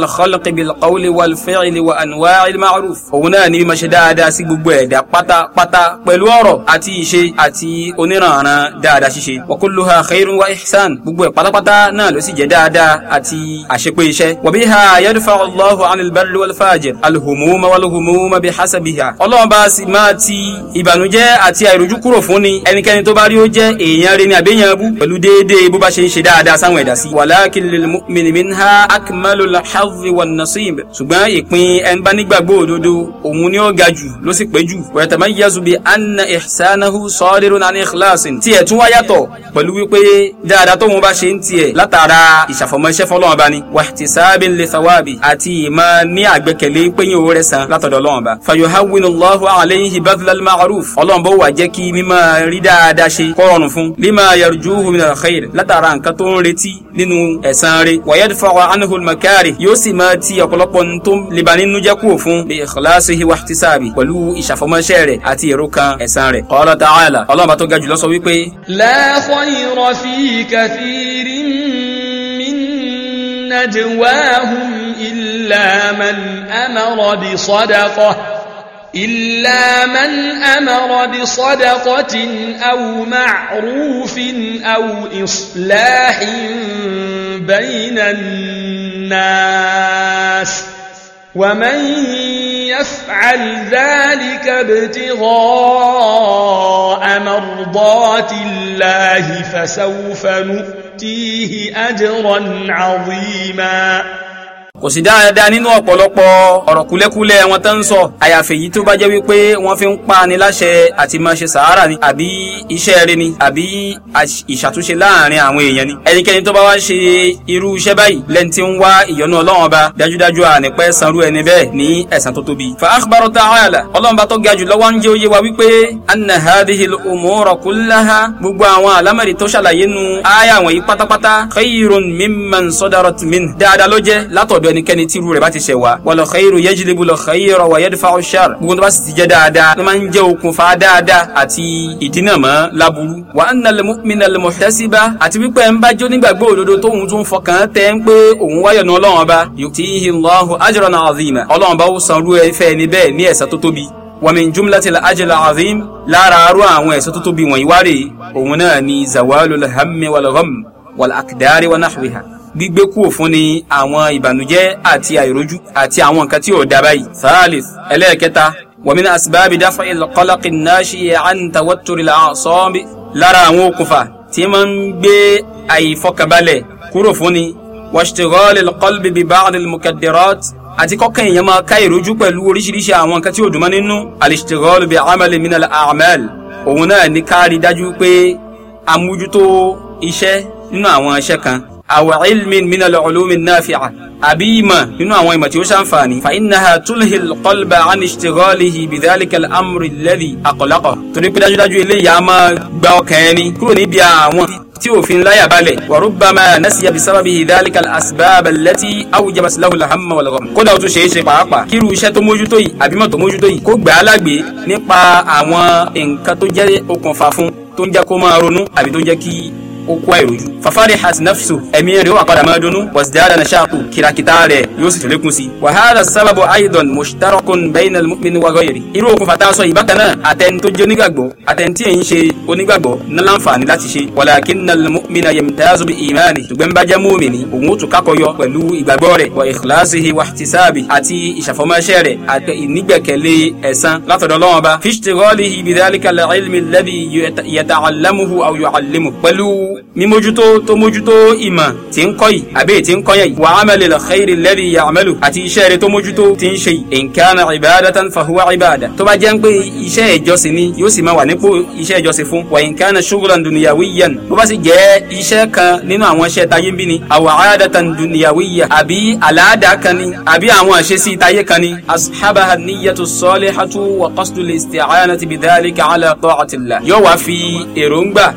Speaker 1: bil-qawli wal-fi'li wa anwa'il ma'ruf. òun náà ni máa dáadáa sí gbogbo ẹ̀dá pátápátá pẹ̀lú ọ̀rọ̀ àti ìṣe àti oníranran dáadáa ṣíṣe. wa kulluha wa ihsan gbogbo ẹ̀ pátápátá náà ló sì jẹ́ dáadáa àti àṣepé iṣẹ́. wàbí ha yadfa allahu anilbari walfajir alhumuma walhumuma bi hasabiha. ọlọ́run bá sì máa ti ìbànújẹ́ àti àìrójú kúrò fún ni ẹnikẹ́ni tó bá rí ó jẹ́ èèyàn rẹ̀ ni àbẹ́yàn bú pẹ̀lú déédéé bó bá ṣe ń ṣe dáadáa sáwọn ẹ̀dá sí. walakin lil mu'mini minha akmalul hazzi wan nasib. ṣùgbọ́n ìpín ẹn òdodo òun ni ó ga jù ló sì pé jù. wa yatamayyazu ọba ni wàhtísábìn lè sàwábì àti ìmọ̀ ní àgbẹ̀kẹ̀lé péyìn owó rẹ̀ san látọ̀dọ̀ ọlọ́run ọba. fayọ̀há winu lọ́hu àlẹ́yìn ibadulal ma'ruf ọlọ́run bó wà jẹ́ kí mímọ́ rí dáadáa ṣe kó rọrùn fún lima yarju humna khair látara nǹkan tó ń retí nínú ẹ̀san rẹ̀ wàyẹ̀d fọwọ́ anahul makari yóò sì máa ti ọ̀pọ̀lọpọ̀ tó leba nínú jẹ́ kúrò fún bí ikhlasihi wàhtísábì pẹ̀lú ìṣàfọmọ́ṣẹ́
Speaker 2: نجواهم إلا من أمر بصدقة إلا من أمر بصدقة أو معروف أو إصلاح بين الناس ومن يفعل ذلك ابتغاء مرضات الله فسوف نؤمن يؤتيه أجرا عظيماً
Speaker 1: kò sí dáadáa nínú ọ̀pọ̀lọpọ̀ ọ̀rọ̀ kúlẹ́kúlẹ́ wọn tó ń sọ àyàfi èyí tó bá jẹ́ wípé wọ́n fi ń pa ni láṣẹ àti máa ṣe sàárà ni àbí iṣẹ́ rẹ ni àbí ìṣàtúnṣe láàrin àwọn èèyàn ni ẹnikẹ́ni tó bá wá ṣe irú iṣẹ́ báyìí lẹ́ni tí ń wá ìyọ́nú ọlọ́run ọba dájúdájú ànípẹ́ sanrú ẹni bẹ́ẹ̀ ní ẹ̀san tó tóbi. fa akhbaru ọ̀dọ̀ ẹnikẹ́ni tí irú rẹ̀ bá ti ṣẹ̀ wá. wal khayru yajlibu al khayra wa yadfa'u ash-sharr gbogbo tó bá sì ti jẹ́ dáadáa ló máa ń jẹ́ okùnfà dáadáa àti ìdínàmọ́ láburú. wa anna al mu'mina al muhtasiba àti wípé ẹ̀ ń bá jó nígbàgbọ́ òdodo tóun tún fọkàn tẹ́ ń pé òun wáyọ̀ ní ọlọ́run ọlọ́run ọba ó san irú wa min jumlatil gbígbé kúrò fún ni àwọn ìbànújẹ́ àti àìrójú àti àwọn nǹkan tí ò da báyìí. thalith ẹlẹ́ẹ̀kẹta wàmínà asibábi dáfà ìlọ́kọ́lọ́kì náà ṣe àǹtà wọ́tòrì làásọ́ọ́bì lára àwọn okùnfà tí máa ń gbé àìfọkànbalẹ̀ kúrò fún ni wàṣtìrọ́ọ̀lì lọ́kọ́lbì bíi báàdì mùkàdìrọ́t àti kọ́kàn èèyàn máa ká ìrójú pẹ̀lú oríṣiríṣi àwọn nǹkan tí ò dùnmọ́ nínú alìṣtìrọ́ọ̀lù bíi amẹ́lì mínà aw ilmin min al-ulum an-nafi'a àbí ìmọ̀ nínú àwọn ìmọ̀ tí ó ṣàǹfààní. fa innaha tulhi al-qalba an ishtighalihi bi dhalika al-amri alladhi aqlaqa. torí pé dájúdájú eléyìí a máa gba ọkàn ẹni kúrò níbi àwọn tí òfin láyà balẹ̀. wa rubbama nasiya bi sababihi dhalika al-asbab lahu al-hamma kódà ó tún ṣeé ṣe pàápàá kírú iṣẹ́ tó mójútó yìí àbí mọ̀ mójútó yìí kó gbà lágbè nípa àwọn nǹkan tó jẹ́ okùnfà fún tó ń jẹ́ kó máa ronú àbí tó jẹ́ kí ó kó àìrójú. fafarihat nafsu ẹ̀mí rẹ̀ wà padà máa dunnú wàsídáàdà nashaqu kìràkìtà rẹ̀ yóò sì tún lékún sí. wa hadha sábàbù aidan mushtarakun bayna al-mu'min wa ghayri. irú okùnfà tá a sọ ìbákan náà àtẹni tó jẹ́ onígbàgbọ́ àtẹni tí èyí ń ṣe onígbàgbọ́ ní láǹfààní láti ṣe. walakinna al-mu'mina yamtazu bi imani. ṣùgbọ́n bá jẹ́ mùmìnì òun ó tún kákọyọ wa ikhlasihi wa ihtisabi àti ìṣàfọmọṣẹ́ rẹ̀ àti ìnígbẹ̀kẹ̀lé ẹ̀san látọ̀dọ̀ Ọlọ́run Ọba. fi ishtighalihi bi alladhi yata'allamuhu aw yu'allimuhu pẹ̀lú mímójútó tó mójútó ìmọ̀ tí ń kọ́ yìí àbí tí ń kọ́yàn yìí. wà á mẹ́lẹ̀ lọ xeyiri lẹ́bi yà á mẹ́lù àti iṣẹ́ rẹ̀ tó mójútó ti ń ṣe yìí. nkánà ìbáadá tán fahuwa ìbáadá. tó bá jẹ́ pé iṣẹ́ ìjọsìn ni yóò sì máa wà nípò iṣẹ́ ìjọsìn fún. wà nkánà ṣugulan duniyawi yan. bó bá sì jẹ́ iṣẹ́ kan nínú àwọn iṣẹ́ tayé bí ni. àwọ̀ àádá tan duniyawi yà. àbí àlàáda kan ni àbí àwọn àṣesí tayé kan ni. asxabaha niyatu sọ́lihatu wa qasdu listi'anati bidhalika ala ta'atillah. yóò wá fi èròǹgbà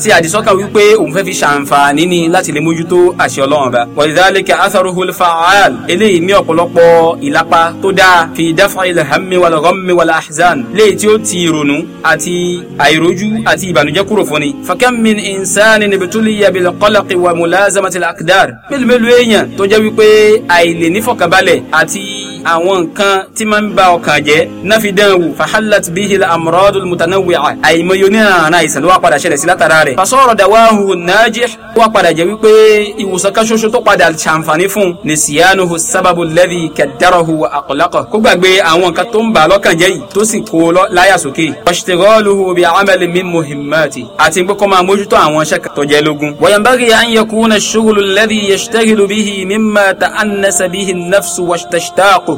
Speaker 1: àti àdìsọ́kàn wípé òun fẹ́ fi ṣàǹfààní ni láti lè mójútó àṣẹ ọlọ́run ọba. wàlídàálẹ́kẹ̀ asaruhul faal eléyìí ní ọ̀pọ̀lọpọ̀ ìlápá tó dáa fi dáfà ilẹ̀ hàmmi wàlá ghammi wàlá ahzan léyìí tí ó ti ìrònú àti àìrójú àti ìbànújẹ́ kúrò fúnni. fakam min insani nibtuliya bil qalaqi wa mulazamatil aqdar mélòó mélòó èèyàn tó jẹ́ wípé àìlè nífọ̀kànbalẹ̀ àti àwọn nǹkan tí máa ń ba ọkàn jẹ́ náà fi dẹ́n wò fahalat bihi la amradul mutanawwi'a àìmọye onírànà àìsàn ló wá padà ṣẹlẹ̀ sí látara rẹ̀. fasọ́rọ̀ dàwáhù nàájì wá padà jẹ́ wípé ìwòsàn kan ṣoṣo tó padà ṣàǹfààní fún ní siyanuhu sábàbù lẹ́dí kẹdàrọ̀hù àkọlákọ̀ kó gbàgbé àwọn nǹkan tó ń bà lọ́kàn jẹ́ yìí tó sì kó láyà sókè. wàṣítẹ̀rọ̀lùhù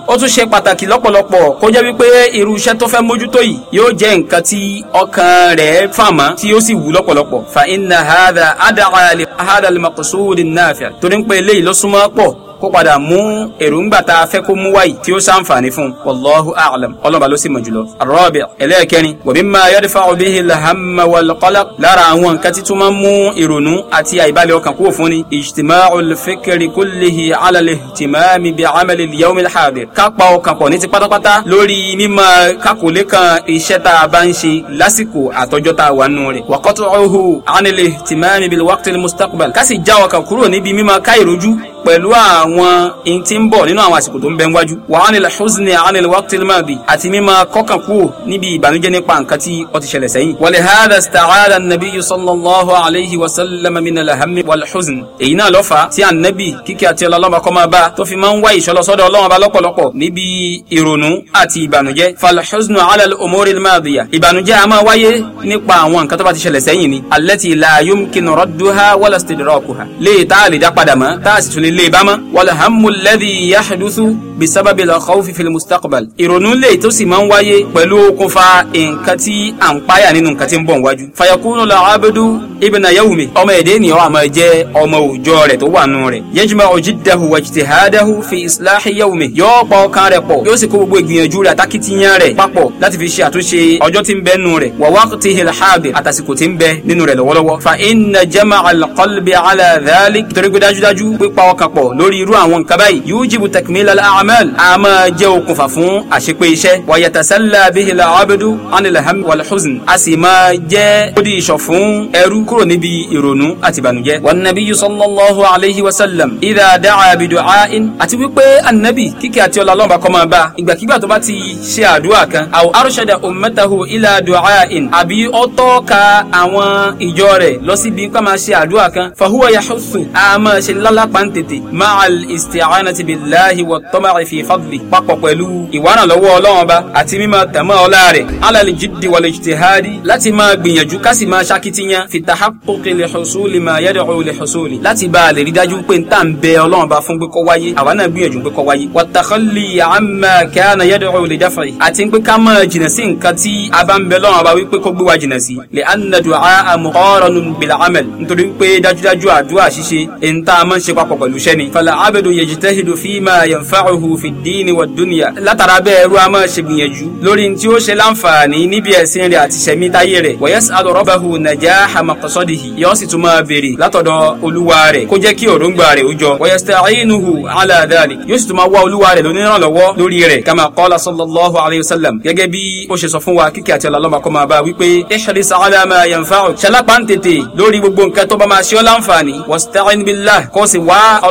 Speaker 1: ó tún ṣe pàtàkì lọ́pọ̀lọpọ̀ kó jẹ́ wípé irú iṣẹ́ tó fẹ́ mójútó yìí yóò jẹ́ nǹkan tí ọkàn rẹ̀ fàmọ́ tí ó sì wù lọ́pọ̀lọpọ̀ fa inna hadha ad'a li hadha al torí ń pé eléyìí ló súnmọ́ pọ̀ kó padà mú èròǹgbà tá a fẹ́ kó mú wáyìí tí ó ṣàǹfààní fún un wallahu a'lam ọlọ́ba ló sì mọ̀ jùlọ. arabi ẹlẹ́ẹ̀kẹrin wa mimma yadfa'u bihi al-hamma wal-qalaq lára àwọn nǹkan tí tó máa ń mú ìrònú àti àìbalẹ̀ ọkàn kúrò fún ni. ijtima'u al-fikri kullihi 'ala al-ihtimami bi'amali al-yawm al-hadir. ká pa ọkàn ní ti pátápátá lórí mímọ pẹ̀lú àwọn in tí ń bọ̀ nínú àwọn àsìkò tó ń bẹ níwájú. wa anil huzni anil waqtil madi àti mímọ kọ́kàn kúrò níbi ìbànújẹ́ nípa nǹkan tí ó ti ṣẹlẹ̀ sẹ́yìn. wa lihadha ista'adha an-nabiyyu sallallahu alayhi wa sallam min al-hammi wal huzn. èyí náà lọ́fà tí ànábì kíkẹ́ àti ọlọ́mọ kọ́ máa bá tó fi máa ń wá ìṣọlọsọ́dọ̀ ọlọ́mọ bá lọ́pọ̀lọpọ̀ níbi ìrònú àti ìbànújẹ́. falhuznu ala al-umuri al-madiya lè bá mọ́. wàlẹ̀ hamulẹ́dì yahadusu bisababi lọ́kọ́ fífi mustaqbal. ìrònú lè tó sì máa ń wáyé pẹ̀lú okùnfà nǹkan tí à ń páyà nínú nǹkan tí ń bọ̀ wájú. fayakunu la abedu ibina yawumi. ọmọ èdè ènìyàn wà máa ọmọ òòjọ́ rẹ̀ tó wà nù rẹ̀. yajma ojiddahu wajtihadahu fi islahi yawumi. yóò pa ọkàn rẹ̀ pọ̀ yóò sì kó gbogbo ìgbìyànjú rẹ̀ àtàkìtìyàn rẹ̀ papọ̀ láti fi ṣe àtúnṣe ọjọ́ tí ń bẹ nù rẹ̀. wa waqtihil hadir àtàsìkò tí ń bẹ nínú rẹ̀ lọ́wọ́lọ́wọ́. fa inna jama alqalbi ala dhalik. torí pé pípa ọk lọ́kàn pọ̀ lórí irú àwọn nǹkan báyìí yujibu takmilal a'mal a máa jẹ́ okùnfà fún àṣepé iṣẹ́ wa yatasalla bihil abdu anil ham wal huzn a sì máa jẹ́ kódì ìṣọ̀ fún ẹrú kúrò níbi ìrònú àti ìbànújẹ́. wan nabiyyu sallallahu alayhi wa sallam idha da'a bi du'a'in àti wípé annabi kíkẹ́ àti ọlá lọ́nba kọ́ máa bá ìgbàkigbà tó bá ti ṣe àdúrà kan aw arshada ummatahu ila du'a'in àbí ó tọ́ka àwọn ìjọ rẹ̀ lọ síbi ká máa ṣe àdúrà kan fahuwa yahussu a máa ṣe lálápá ń tètè tètè ma'al isti'anati billahi wa tama'i fi fadli papọ̀ pẹ̀lú ìwánàlọ́wọ́ ọlọ́run ọba àti mímọ tẹ̀mọ́ ọlá rẹ̀ alali jiddi wal ijtihadi láti máa gbìyànjú ká sì máa ṣakitiyan fi tahaqquqi li husuli ma yad'u li husuli láti bá a lè rí dájú pé n tà ń bẹ ọlọ́run ọba fún pé kó wáyé àwa náà gbìyànjú pé kó wáyé wa takhalli amma kana yad'u li daf'i àti pé ká máa jìnà sí nǹkan tí a bá ń bẹ ọlọ́run ọba wípé kó gbé wa jìnà sí li anna du'a muqaranun a máa ń iṣẹ́ ni. fala abedu yejitahidu fima yanfa'uhu fi diini wa dunya. látara bẹ́ẹ̀ ẹrú a máa ṣe gbìyànjú lórí tí ó ṣe láǹfààní níbi ẹ̀sìn rẹ̀ àti ṣẹ̀mí táyé rẹ̀. wa yas'alu rabbahu najaha maqsadihi. yóò sì tún máa béèrè látọ̀dọ̀ olúwa rẹ̀ kó jẹ́ kí òróǹgbà rẹ̀ ó jọ. wa yasta'inuhu ala dhalik. yóò sì tún máa wá olúwa rẹ̀ lónírànlọ́wọ́ lórí rẹ̀. kama qala sallallahu alayhi wa sallam. gẹ́gẹ́ bí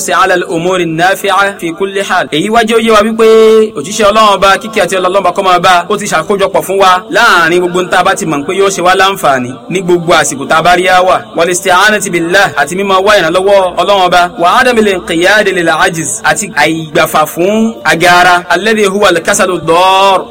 Speaker 1: lùdúrúsì alal umuri nafi'a fi kulli hal. èyí wájú yé wa wípé òjíṣẹ́ ọlọ́run ọba kíkẹ́ àti ọlọ́run ọba kọ́mọ ọba ó ti ṣàkójọpọ̀ fún wa láàrin gbogbo nta bá ti mọ̀ pé yóò ṣe wá láǹfààní ní gbogbo àsìkò tá a bá rí á wà. wal isti'anati billah àti mímọ wá ìrànlọ́wọ́ ọlọ́run ọba wa adamil inqiyadi lil ajiz àti àìgbàfà fún agara alladhi huwa al-kasadu dọ́ọ̀r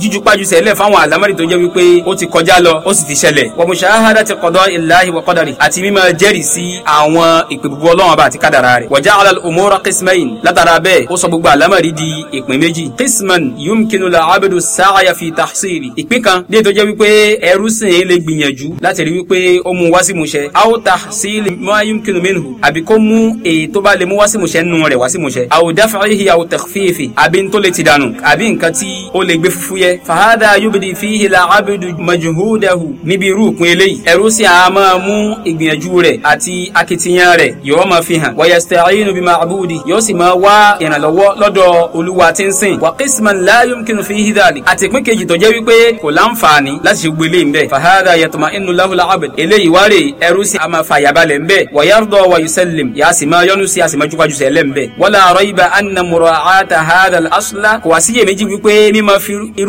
Speaker 1: jíjú pájú sẹ́lẹ̀ fáwọn àlámọ́rì tó jẹ́ wípé ó ti kọjá lọ ó sì ti ṣẹlẹ̀. wa mushahadati qada'i Allahi wa qadari àti mímọ jẹ́rìí sí àwọn ìpè gbogbo ọlọ́run ọba àti kádàrá rẹ̀. wa ja'ala al-umura qismayn látara bẹ́ẹ̀ ó sọ gbogbo àlámọ́rì di ìpín méjì. qisman yumkinu al-'abdu as fi tahsili. ìpín kan dé tó jẹ́ wípé ẹrú sìn lè gbìyànjú láti rí wípé ó mú wá sí ìmúṣẹ. aw tahsili ma yumkinu minhu àbí kó mú èyí bá lè mú wá sí ìmúṣẹ nù rẹ̀ wá sí ìmúṣẹ. aw daf'ihi aw takhfifi àbí ń tó ti dànù àbí nǹkan tí ó lè gbé fúfú yẹ yẹ fahada yubdi fihi la abidu majuhudahu níbi irú òpin eléyìí ẹrú sì á máa mú ìgbìyànjú rẹ̀ àti akitiyan rẹ̀ yóò máa fi hàn wayasta'inu bi ma'budi yóò sì máa wá ìrànlọ́wọ́ lọ́dọ̀ olúwa tí ń sìn wa qisman la yumkinu fihi dhalik àti ìpín kejì tó jẹ́ wípé kò láǹfààní láti ṣe gbélé ń bẹ fahada yatma'innu lahu la abid eléyìí wárè ẹrú sì á máa fàyàbalẹ̀ ń bẹ wayardo wa yusallim yà sì máa yọnu sí àsìmájúwájú sẹ́lẹ̀ ń bẹ wala rayba anna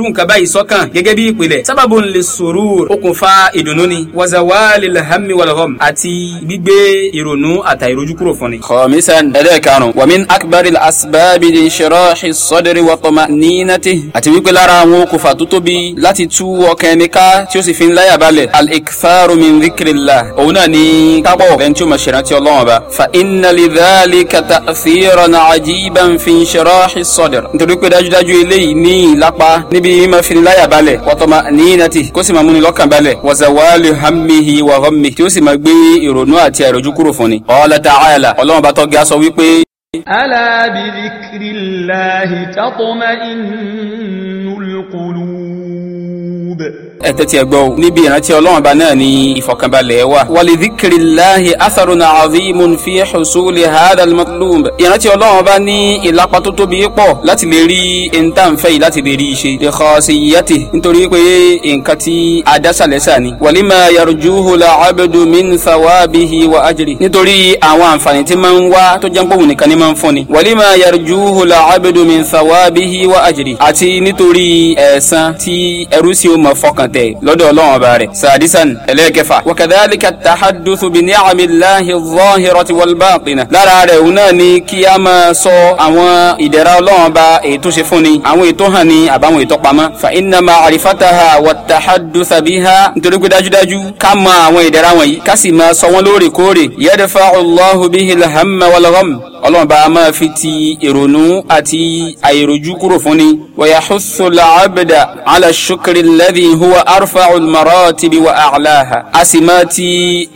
Speaker 1: nǹkan báyìí sọ́kàn gẹ́gẹ́ bí ìpìlẹ̀ sábàbùn lè sòrúur okùnfà ìdùnnú ni wazawali lahami walhom àti gbígbé ìrònú àtàìrójú kúrò fún ni. kọ̀mísàn ẹ̀dẹ̀ karùn-ún wàmí akbari asibaabi lè ṣèrọ́ọ̀ṣì sọ́dẹ̀rì wọ́tọ́mà nínàtì àti wípé lára àwọn okùnfà tó tóbi láti tú ọkàn ẹni ká tí ó sì fi ń láyà balẹ̀ al-ikfaru min dhikrillah òun níbi kí máa fi láyà balẹ̀ wọ́tọ́mà níyìnàtì kó sì máa múni lọ́kàn balẹ̀ wàzàwálì hamihi wà hami tí ó sì máa gbé ìrònú àti àìròjú kúrò fún ni. ọ̀la ta'ala ọlọ́run bá tọ́gí aṣọ wípé.
Speaker 2: ala bi dhikrillahi tatma'innul
Speaker 1: qulub ẹ tẹ́tí ẹ gbọ́ o níbi ìrántí ọlọ́run bá náà ni ìfọ̀kànbalẹ̀ wà. wàlìdíkiri láhi asaruna azimun fi xusuli hada almatlub. ìrántí ọlọ́run bá ní ìlápá tó tóbi pọ̀ láti lè rí ntànfẹ́ yìí láti lè rí iṣẹ́. ìkọ̀ọ̀sì yẹtì nítorí pé nǹkan tí adásàlẹ́sà ni. wàlímà yarjuhu la abedu min sawabihi wa ajiri. nítorí àwọn àǹfààní tí máa ń wá tó jẹ́ pòun nìkan ni máa ń fún ni. wàlímà yarjuhu la abedu min sawabihi wa ajiri. àti nítorí ẹ̀san tí ẹrú sí o máa fọkàn tẹ̀ lọ́dọ̀ ọlọ́run ọba rẹ̀ sadisan ẹlẹ́kẹfà wakadàlíkà tahaduthu bi ni'amilahi zahirati walbaatina lára rẹ̀ òun náà ni kí a máa sọ àwọn ìdẹ̀ra ọlọ́run ọba ètò ṣe fún ni àwọn ètò hàn ni àbáwọn ètò pamọ́ fa inna ma'rifataha wa tahadutha biha nítorí pé dájúdájú ká mọ àwọn ìdẹ̀ra wọ̀nyí ká sì máa sọ wọn lóòrèkóòrè yadfa'u Allahu bihi alhamma walgham ọlọ́run bá a máa fi ti ìrònú àti àìrojú kúrò fún ni. wàyà xusula abda ala shukri lẹ́dí huwa arfa ulmarọ́ tibi wa àcláha. a sì máa ti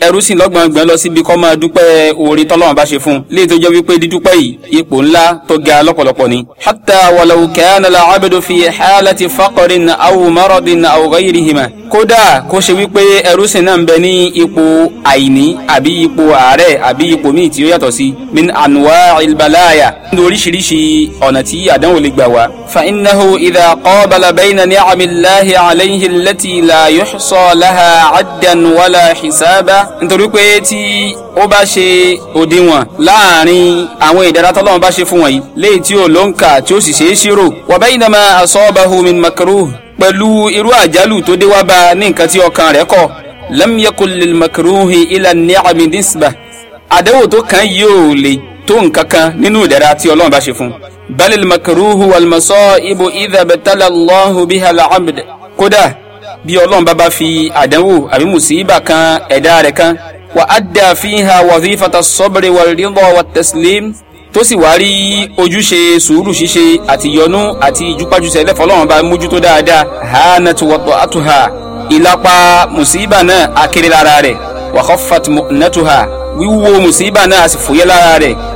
Speaker 1: ẹrú sìn lọ́gbọ̀ngbọ̀n lọ síbi kọ́ máa dúpẹ́ oore tọ́lọ́run bá ṣe fún. léyìí tó jẹ́ wípé dídúpẹ́ yìí ipò ńlá tó ga lọ́pọ̀lọpọ̀ ni. hatta walaw kana la abdu fi xaalati faqrin aw maradin aw gayrihima. kódà kó ṣe wípé ẹrú sìn náà ń bẹ ní ipò àìní àbí ipò àárẹ̀ àbí ipò míì tí ó yàtọ̀ sí. min anwa anwa ilbalaya. ní oríṣiríṣi ọ̀nà tí àdánwò lè gbà wá. fa innahu idha qabala bayna ni'amillahi alayhi allati la yuhsa laha addan wala hisaba. nítorí pé tí ó bá ṣe òdiwọ̀n láàrin àwọn ìdára tọ́lọ́run bá ṣe fún wọ̀nyí léyìí tí ó ló ń kà tí ó sì ṣe é ṣírò. wa bayna ma asabahu min makruh pẹ̀lú irú àjálù tó dé wá ní nǹkan tí ọkàn rẹ̀ kọ̀ lam yakun lil makruhi ila ni'ami nisba àdéhùn tó kàn yìí ò lè tó nǹkan kan nínú ìdẹ̀ra tí ọlọ́run bá ṣe fún. balil makaruhu walmasọ ibo idabetala allahu biha alhamd kódà bí ọlọ́run bá bá fi àdánwò àbí mùsíbà kan ẹ̀dá rẹ̀ kan wa adda fiha wazifata sọ́bìrì wàlíńdọ̀ wa tẹ̀sílẹ̀m tó sì wá rí ojúṣe sùúrù ṣíṣe àti yọnú àti ìjúpájúṣe ẹlẹ́fọ̀ọ́lọ́run bá mójútó dáadáa hànà tiwọ́tọ̀ àtúhà ìlapa mùsíbà náà akéré lára rẹ̀ وخفت مؤنتها wíwúwo مصيبة náà sì fòye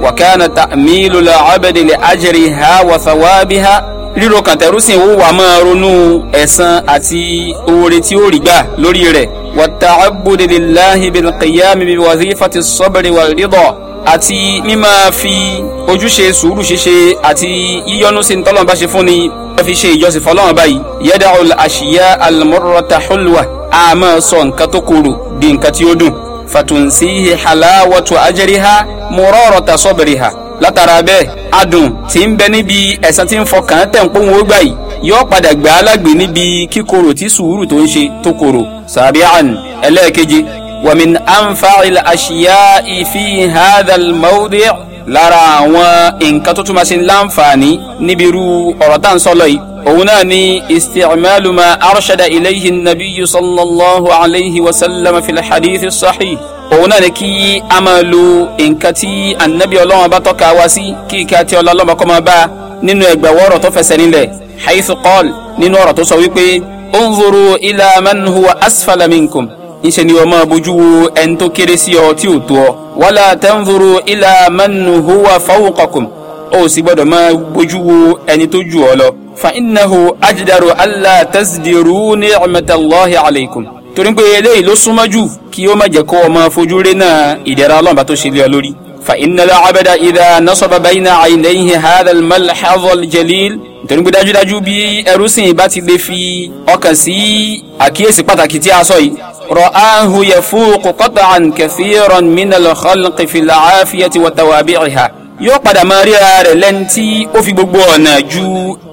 Speaker 1: وكان rẹ̀ wàkàna لأجرها وثوابها abẹ́dẹ̀lẹ̀ ajẹ́rì ha wàtàwábí ha ríro kàntẹ́rùsìn ó wà máa ronú ẹ̀san àti oore tí ó rí gbà lórí rẹ̀ wàtàbùdẹ̀lẹ̀ láhìbìlì kìyàmì bí wàzífàtì sọ́bẹ̀rẹ̀ wà rídọ̀ àti mímọ́ fi ojúṣe sùúrù ṣíṣe àti yíyọnu sí ntọ́lọ́mọba ṣe fún ni wọ́n fi ṣe ìjọsìn fọlọ́mọ báyìí yẹ́dá àṣìyá alamọ́rọ́ta hulwa a máa sọ nǹkan tó korò di nǹkan tí ó dùn fatunsihi halawatu ajariha murọ́rọ́ta sọ́bìrìhà látara bẹ́ẹ̀ adùn tí ń bẹ níbi ẹ̀san tí ń fọkàn tẹ̀ ń pọ́n owó gbà yìí yóò padà gbà á níbi kíkorò tí sùúrù tó ń ومن أنفع الأشياء في هذا الموضع lára àwọn nǹkan tó tún máa ṣe láǹfààní níbi irú ọ̀rọ̀ tá à ń sọ lọ yìí. òun náà ni isticmaalu ma arshada ilayhi nabiyyu sallallahu alayhi wa sallam fi lhadithi sahih. òun náà ni kí a máa lo nǹkan tí anabi ọlọ́wọ́n bá tọ́ka wá sí kí ìka tí ọlọ́wọ́n bá kọ́ máa bá a nínú ẹgbẹ̀wọ́ ọ̀rọ̀ tó fẹsẹ̀ nílẹ̀ haythu qol nínú ọ̀rọ̀ tó sọ wípé unzuru ila man huwa asfala minkum ńṣe ni o máa bójú wo ẹni tó kéré sí ọ tí ò tó ọ. wala tanzuru ila man huwa fawqakum ó sì gbọ́dọ̀ máa bójú wo ẹni tó jù ọ lọ. fa innahu ajdaru alla tasdiru ni'matallahi alaykum. torí pé eléyìí ló súnmọ́ jù kí ó má jẹ́ kó o fojú rí náà ìdẹ̀ra ọlọ́mọba tó ṣe lé ọ lórí. fa innal abada idha nasaba bayna nítorí pé dájúdájú bí ẹrú sìn bá ti lè fi ọkàn sí àkíyèsí pàtàkì tí a sọ yìí رآه يفوق قطعا كثيرا من الخلق في العافية وتوابعها yóò padà máa ríra rẹ̀ lẹ́ni tí ó fi gbogbo ọ̀nà ju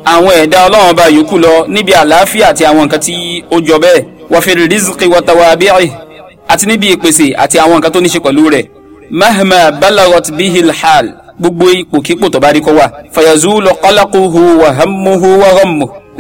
Speaker 1: àwọn ẹ̀dá ọlọ́run bá yòókù lọ níbi àlàáfíà àti àwọn nǹkan tí ó jọ bẹ́ẹ̀ wàfẹ̀rẹ̀ rìzìkì wàtàwàbíì àti níbi ìpèsè àti àwọn nǹkan tó ní ṣe pẹ̀lú rẹ̀ mahma balagot bihil hal gbogbo ipò kípò tó bá rí kó wà fayazulu qalaquhu wa hammuhu wa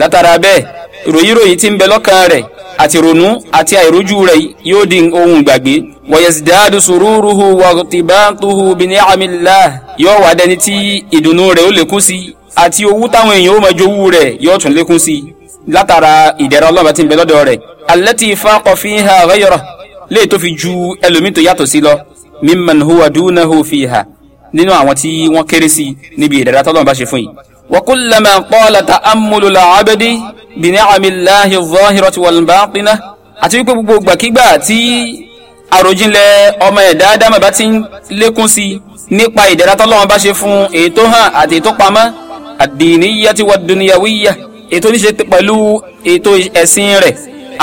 Speaker 1: látara bẹ́ẹ̀ ròyìnròyìn tí ń bẹ lọ́kàn rẹ̀ àti ronú àti àìrójú rẹ̀ yóò di ohun gbàgbé wọ̀yẹ̀sìdáàdù sùúrùrùhù wọ̀tìbáàtùhù bìníàmìlá yóò wà dẹni tí ìdùnnú rẹ̀ ó lékún sí àti owó táwọn èèyàn ó máa jowú rẹ̀ yóò tún lékún sí látara ìdẹ̀ra ọlọ́ba tí ń bẹ lọ́dọ̀ rẹ̀ allati faqa fiha ghayra léè tó fi ju ẹlòmíì tó yàtọ̀ sí lọ mimman huwa bìnìàmìláhi zọ́hìrọ̀tì wàlùbáàpínà àti wípé gbogbo gbàkígbà tí àròjinlẹ̀ ọmọ ẹ̀dá ádámà bá ti ń lékún sí nípa ìdẹ̀ra tọ́lọ́wọ́n bá ṣe fún ètò hàn àti ètò pamọ́ àdìníyàtì wà dùnìyàwíyà ètò níṣe pẹ̀lú ètò ẹ̀sìn rẹ̀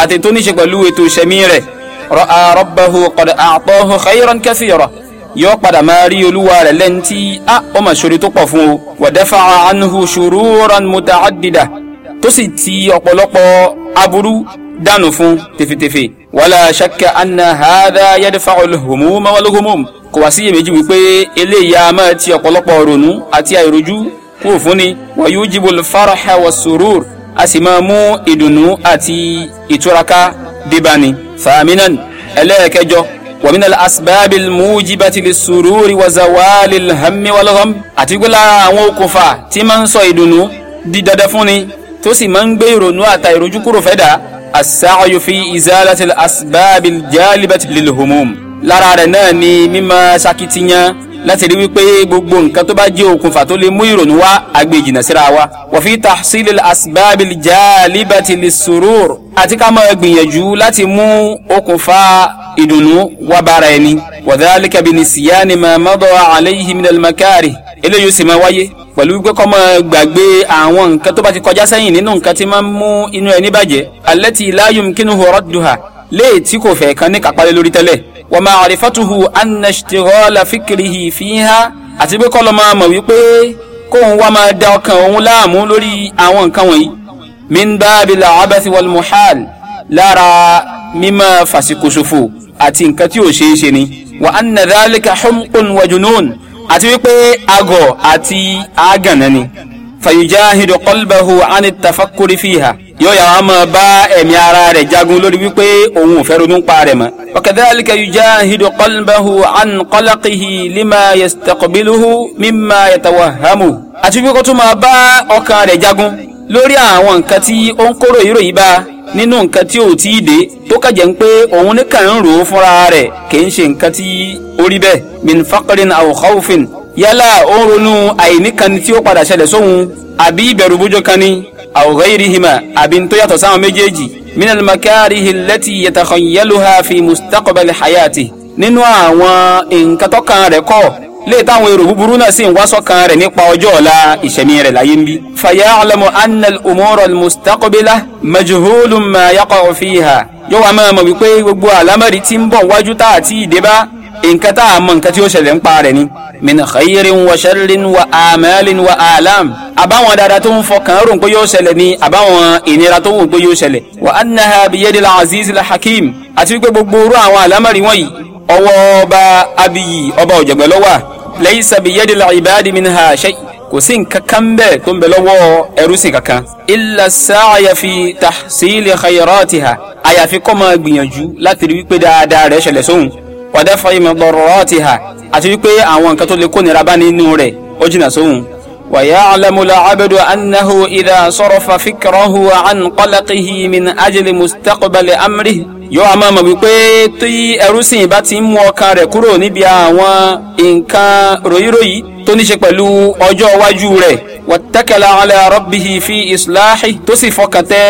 Speaker 1: àti ètò níṣe pẹ̀lú ètò ìṣẹ̀mí rẹ̀ rọ́bàhù kọ̀dà àtọ́hù khayran kathira yóò padà máa rí olúwa rẹ̀ lẹ́ni tí ó mà ṣòro tó pọ̀ fún o wadafa'a anhu shururan muta'addida tó sì ti ọ̀pọ̀lọpọ̀ aburú dànù fún tefetefe wala shakka anna hadha yadfa'u al-humum wal-ghumum kò wá sí iyèméjì wípé eléyìí a máa ti ọ̀pọ̀lọpọ̀ rònú àti àìrojú kúrò fún ni wa yujibu al-faraha was-surur a sì máa mú ìdùnnú àti ìtúraká débani. fàmínàn ẹlẹ́ẹ̀kẹjọ wa min al-asbab mujibati lis-sururi wa zawali al àti gbọ́dọ̀ àwọn okùnfà tí máa ń sọ ìdùnnú di dandan fún ni tó sì máa ń gbé ìrònú àta ìrojú kúrò fẹ́ dà as-sa'yu fi izalati al-asbab al-jalibati lil-humum lára rẹ̀ náà ni mímọ sakitiyan láti rí wípé gbogbo nǹkan tó bá jẹ́ okùnfà tó lè mú ìrònú wá agbèjìnà síra wa. wa fi tahsil al-asbab surur àti ká máa gbìyànjú láti mú okùnfà ìdùnnú wá bára ẹni. wa dhalika bi nisyani ma madha alayhi min al eléyìí ó sì máa wáyé pẹ̀lú wípé kọ́ mọ́ gbàgbé àwọn nǹkan tó bá ti kọjá sẹ́yìn nínú nǹkan tí máa ń mú inú ẹni bàjẹ́ allati la yumkinuhu radduha léè tí kò fẹ́ kan ní kápálẹ́ lórí tẹ́lẹ̀ wa ma'rifatuhu anna ishtighala fikrihi fiha àti pé kọ́ lọ́ máa mọ̀ wípé kóun wá máa da ọkàn òun láàmú lórí àwọn nǹkan wọ̀nyí min babil abathi wal muhal lára mímọ́ fàṣíkòṣòfò àti nǹkan tí ò ṣeé ṣe ni wa anna dhalika humqun wa junun àti wípé agọ̀ àti àgànná ni fàyíjáhìdù kọlbẹ̀hù àni tafakuri fìhà yóò yà wọn máa bá ẹ̀mí ara rẹ̀ jagun lórí wípé òun ò fẹ́ ronú pa rẹ̀ mọ́. wakadhalika yujahidu qalbahu an qalaqihi lima yastaqbiluhu mimma yatawahamu. àti wípé kó tún máa bá ọkàn rẹ̀ jagun lórí àwọn nǹkan tí ó ń kóró ìròyìn bá a nínú nǹkan tí ò tí ì dé tó kàjẹ́ ń pé òun nìkan ń rò ó fúnra rẹ̀ kì í ṣe nǹkan tí ó rí bẹ́ẹ̀ min faqrin aw khawfin yálà ó ń ronú àìníkan tí ó padà ṣẹlẹ̀ sóhun àbí ìbẹ̀rù bójú kan ni aw ghayrihima àbí tó yàtọ̀ sáwọn méjèèjì min al-makarihi allati yatakhayyaluha hayati nínú àwọn nǹkan tọ́kàn rẹ̀ kọ́ léè táwọn èrò búburú náà sì ń wá sọ́kàn rẹ̀ nípa ọjọ́ ọ̀la ìṣẹ̀mí rẹ̀ láyé ń bí. fayalamu anal umar al-mustaqbila majhulun ma yaqa'u fiha. yóò wá máa mọ̀ wípé gbogbo àlámọ̀rí tí ń bọ̀ wájú tá àti ìdébá nǹkan tá a mọ̀ nǹkan tí ó ṣẹlẹ̀ ń pa rẹ̀ ni. min khayrin wa sharrin wa amalin wa alam. àbáwọn dada tó ń fọkàn rò pé yóò ṣẹlẹ̀ ni àbáwọn ìnira tó wù pé yóò ṣẹlẹ̀. wa annaha biyadil aziz al-hakim àti wípé gbogbo orú àwọn àlámọ̀rí wọ̀nyí ọwọ́ ọba abiyi ọba ọ̀jọ̀gbọ́n lọ́wà laysa biyadil ibadi minha shay kò sí nǹkan kan bẹ́ẹ̀ tó ń bẹ lọ́wọ́ ẹrú sìn kankan. illa sa'ya fi tahsili khayratiha àyàfi kó máa gbìyànjú láti rí wípé dáadáa rẹ̀ ṣẹlẹ̀ sóhun wa daf'i madarratiha àti wípé àwọn nǹkan tó lè kó nira bá nínú rẹ̀ ó jìnnà sóhun. wa ya'lamu al-'abdu annahu idha sarafa 'an qalaqihi min ajli mustaqbali amrihi yóò á máa mọ̀ wípé tí ẹrúsìn bá ti ń mú ọkàn rẹ̀ kúrò níbi àwọn nǹkan ròyìnròyìn tó ní ṣe pẹ̀lú ọjọ́ iwájú rẹ̀ wàtẹ́kẹ̀lá ala rabbihi fi islahi tó sì fọkàn tẹ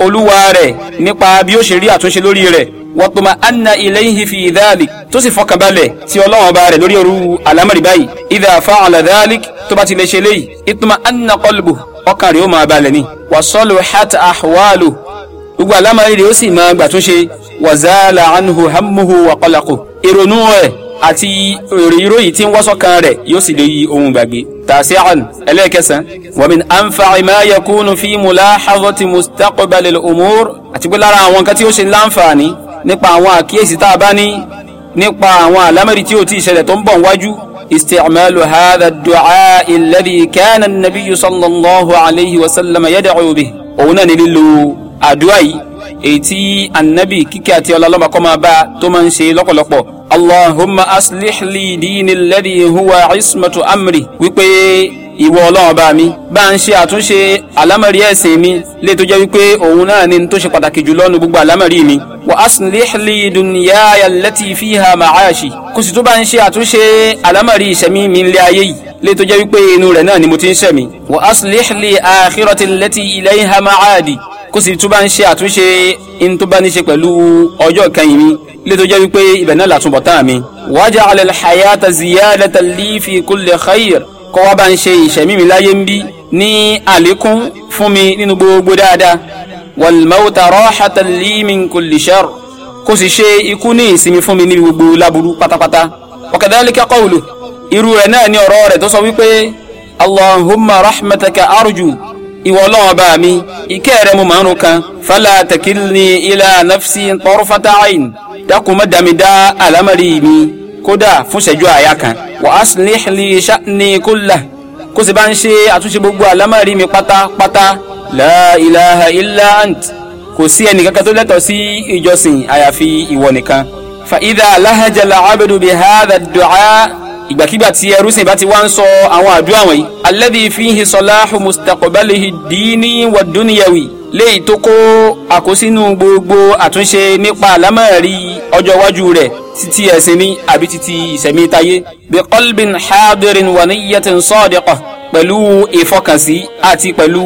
Speaker 1: olúwa rẹ̀ nípa bí ó ṣe rí àtúnṣe lórí rẹ̀ wàtùmá anna ilayhi fi dhalik tó sì fọkàn balẹ̀ sí ọlọ́run ọba rẹ̀ lórí òru àlámọ̀rí báyìí idha fa'ala dhalik gbogbo àlámọ̀rí rẹ̀ ó sì máa gbàtúnṣe wàzàlà anhu hamuhu wàkọlàkù ìrònú rẹ̀ àti ìròyìn ròyìn tí ń wọ́sọ̀ kan rẹ̀ yóò sì lè yí ohun gbàgbé. tàṣíàn ẹlẹ́ẹ̀kẹsàn wàmín anfààní máa yẹ kúnnù fi mulahadhati mustaqbalil umur àti pé lára àwọn nǹkan tí ó ṣe láǹfààní nípa àwọn àkíyèsí tá a bá ní nípa àwọn àlámọ̀rí tí ó ti ṣẹlẹ̀ tó ń bọ̀ wájú استعمال هذا الدعاء الذي كان النبي صلى الله عليه وسلم يدعو به أونا نللو àdúrà yìí èyí tí anabi kíkẹ́ àti ọlọ́lọ́mọ kọ́ máa bá tó máa ń ṣe lọ́pọ̀lọpọ̀ allahumma aslih li diini alladhi huwa ismatu amri wípé ìwọ ọlọ́run bá mi bá ń ṣe àtúnṣe àlámọ̀rí ẹ̀sìn mi lè tó jẹ́ wípé òun náà ni tó ṣe pàtàkì jùlọ nu gbogbo àlámọ̀rí mi. wa aslih li dunyaya allati fiha ma'ashi kò sì tó bá ń ṣe àtúnṣe àlámọ̀rí ìṣẹ̀mí mi ilé ayé yìí lè tó jẹ́ wípé inú rẹ̀ náà ni mo ti ń ṣẹ̀mí. wa aslih li akhirati allati ilayha ma'adi kó sì tún bá ń ṣe àtúnṣe in tó bá ní ṣe pẹ̀lú ọjọ́ kẹyìn mi ilé tó jẹ́ wípé ibẹ̀ náà làtúnbọ̀ tán mi. waja'ala al-hayata ziyadatan li fi kulli khair kó wá bá ń ṣe ìṣẹ̀mí mi láyé ń bí ní àlékún fún mi nínú gbogbo dáadáa wal mawta rahatan li min kulli shar kó sì ṣe ikú ní ìsinmi fún mi níbi gbogbo láburú pátápátá. wa kadhalika irú rẹ̀ náà ní ọ̀rọ̀ rẹ̀ tó sọ wípé allahumma rahmataka arju ìwọ ọlọ́run ọba mi ìkẹ́ rẹ mo máa ń run kan fálà tẹ̀kílì ilà nafsi tọrọfata ayin dákun má dàmí dá àlámàrí mi kódà fún ṣẹ́jú àyà kan wa aslih li sha'ni kullah kó sì bá ń ṣe àtúnṣe gbogbo àlámàrí mi pátápátá la ilaha illa ant kò sí ẹnìkankan tó lẹ́tọ̀ọ́ sí ìjọsìn àyàfi ìwọ nìkan fa idha lahaja al bi hadha ad ìgbàkigbà tí ẹrú sìn bá ti wá ń sọ àwọn àdúrà wọ̀nyí. alladhi fihi salahu mustaqbalihi dini wa dunyawi léyìí tó kó àkósínú gbogbo àtúnṣe nípa àlámọ̀rí ọjọ́ iwájú rẹ̀ títí ẹ̀sìn mi àbí títí ìsẹ̀mí táyé. bi qalbin hadirin wa niyyatin sadiqah pẹ̀lú ìfọkànsí àti pẹ̀lú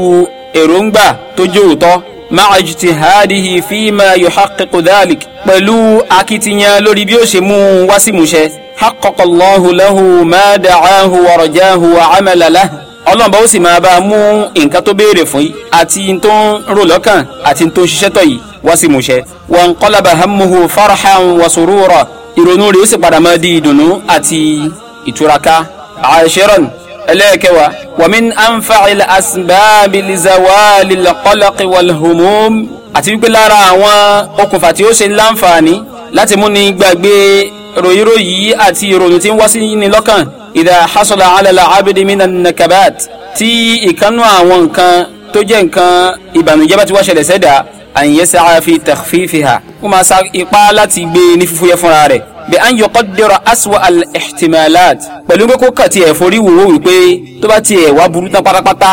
Speaker 1: èròǹgbà tó jẹ́ òótọ́ ma'a ijtihadihi fima yuhaqqiqu dhalik pẹ̀lú akitiyan lórí bí ó ṣe mú un wá sí ìmúṣẹ حقق الله له ما دعاه ورجاه وعمل له ọlọ́run bá ó sì máa bá a mú nǹkan tó béèrè fún yìí àti tó ń rò lọ́kàn àti tó ń ṣiṣẹ́ tọ̀ yìí wá sí ìmúṣẹ. wọn kọ́lábà hamuhu farahan wasurura ìrònú rẹ̀ ó sì padà máa di ìdùnnú àti ìtúraká. àṣírọ̀n ẹlẹ́ẹ̀kẹwàá wàmín anfàcil asbábi lizawali lọ́kọ́lọ́kì wàlhùmùm àti wípé lára àwọn okùnfà tí ó ṣe láǹfààní láti múni gbàgbé ròyìnròyìn àti ìròyìn tí ń wá sí ní lọ́kàn ìdá hasọ̀lá alẹ́lá abidi mina nakabat tí ìkánú àwọn nǹkan tó jẹ́ nǹkan ìbànújẹ́ bá ti wá ṣẹlẹ̀ sẹ́dá àyẹ̀sẹ̀ àfi tàfífìhà ó máa sa ipá láti gbé e ní fífúyẹ́ fúnra rẹ̀ bí a ń yọkọ́ dẹ̀rọ aswa al-ihtimalat pẹ̀lú pé kó kà tiẹ̀ forí wòwò wípé tó bá tiẹ̀ wá burú tán pátápátá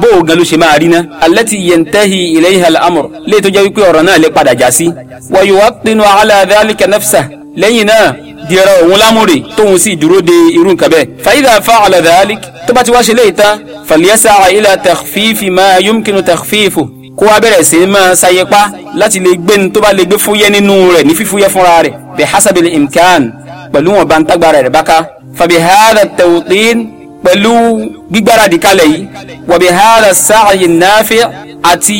Speaker 1: bó o ló ṣe máa rí ná. allati yantahi ilayha al-amr léè tó jẹ́ wípé ọ̀rọ̀ náà lè padà já sí. wa yuwattinu ala dhalika nafsahu lẹ́yìn náà dira òun lámúre tóun sì dúró de irú nǹkan bẹ́ẹ̀. fàyídà fa àlàdáálí tó bá ti wá ṣe léyìí tán fàlíyàsá ilà tàfíìfì máa yumkinu tàfíìfù kó wá bẹ̀rẹ̀ sí máa ṣayẹpá láti lè gbé ní tó bá lè gbé fúyẹ́ nínú rẹ̀ ní fífúyẹ́ fúnra rẹ̀ bẹ̀ hasabil imkan pẹ̀lú wọn bá ń tágbára rẹ̀ báká. fàbí hàdà tawtin pẹ̀lú gbígbáradì kalẹ̀ yìí wàbí hàdà sáàyè náfẹ́ àti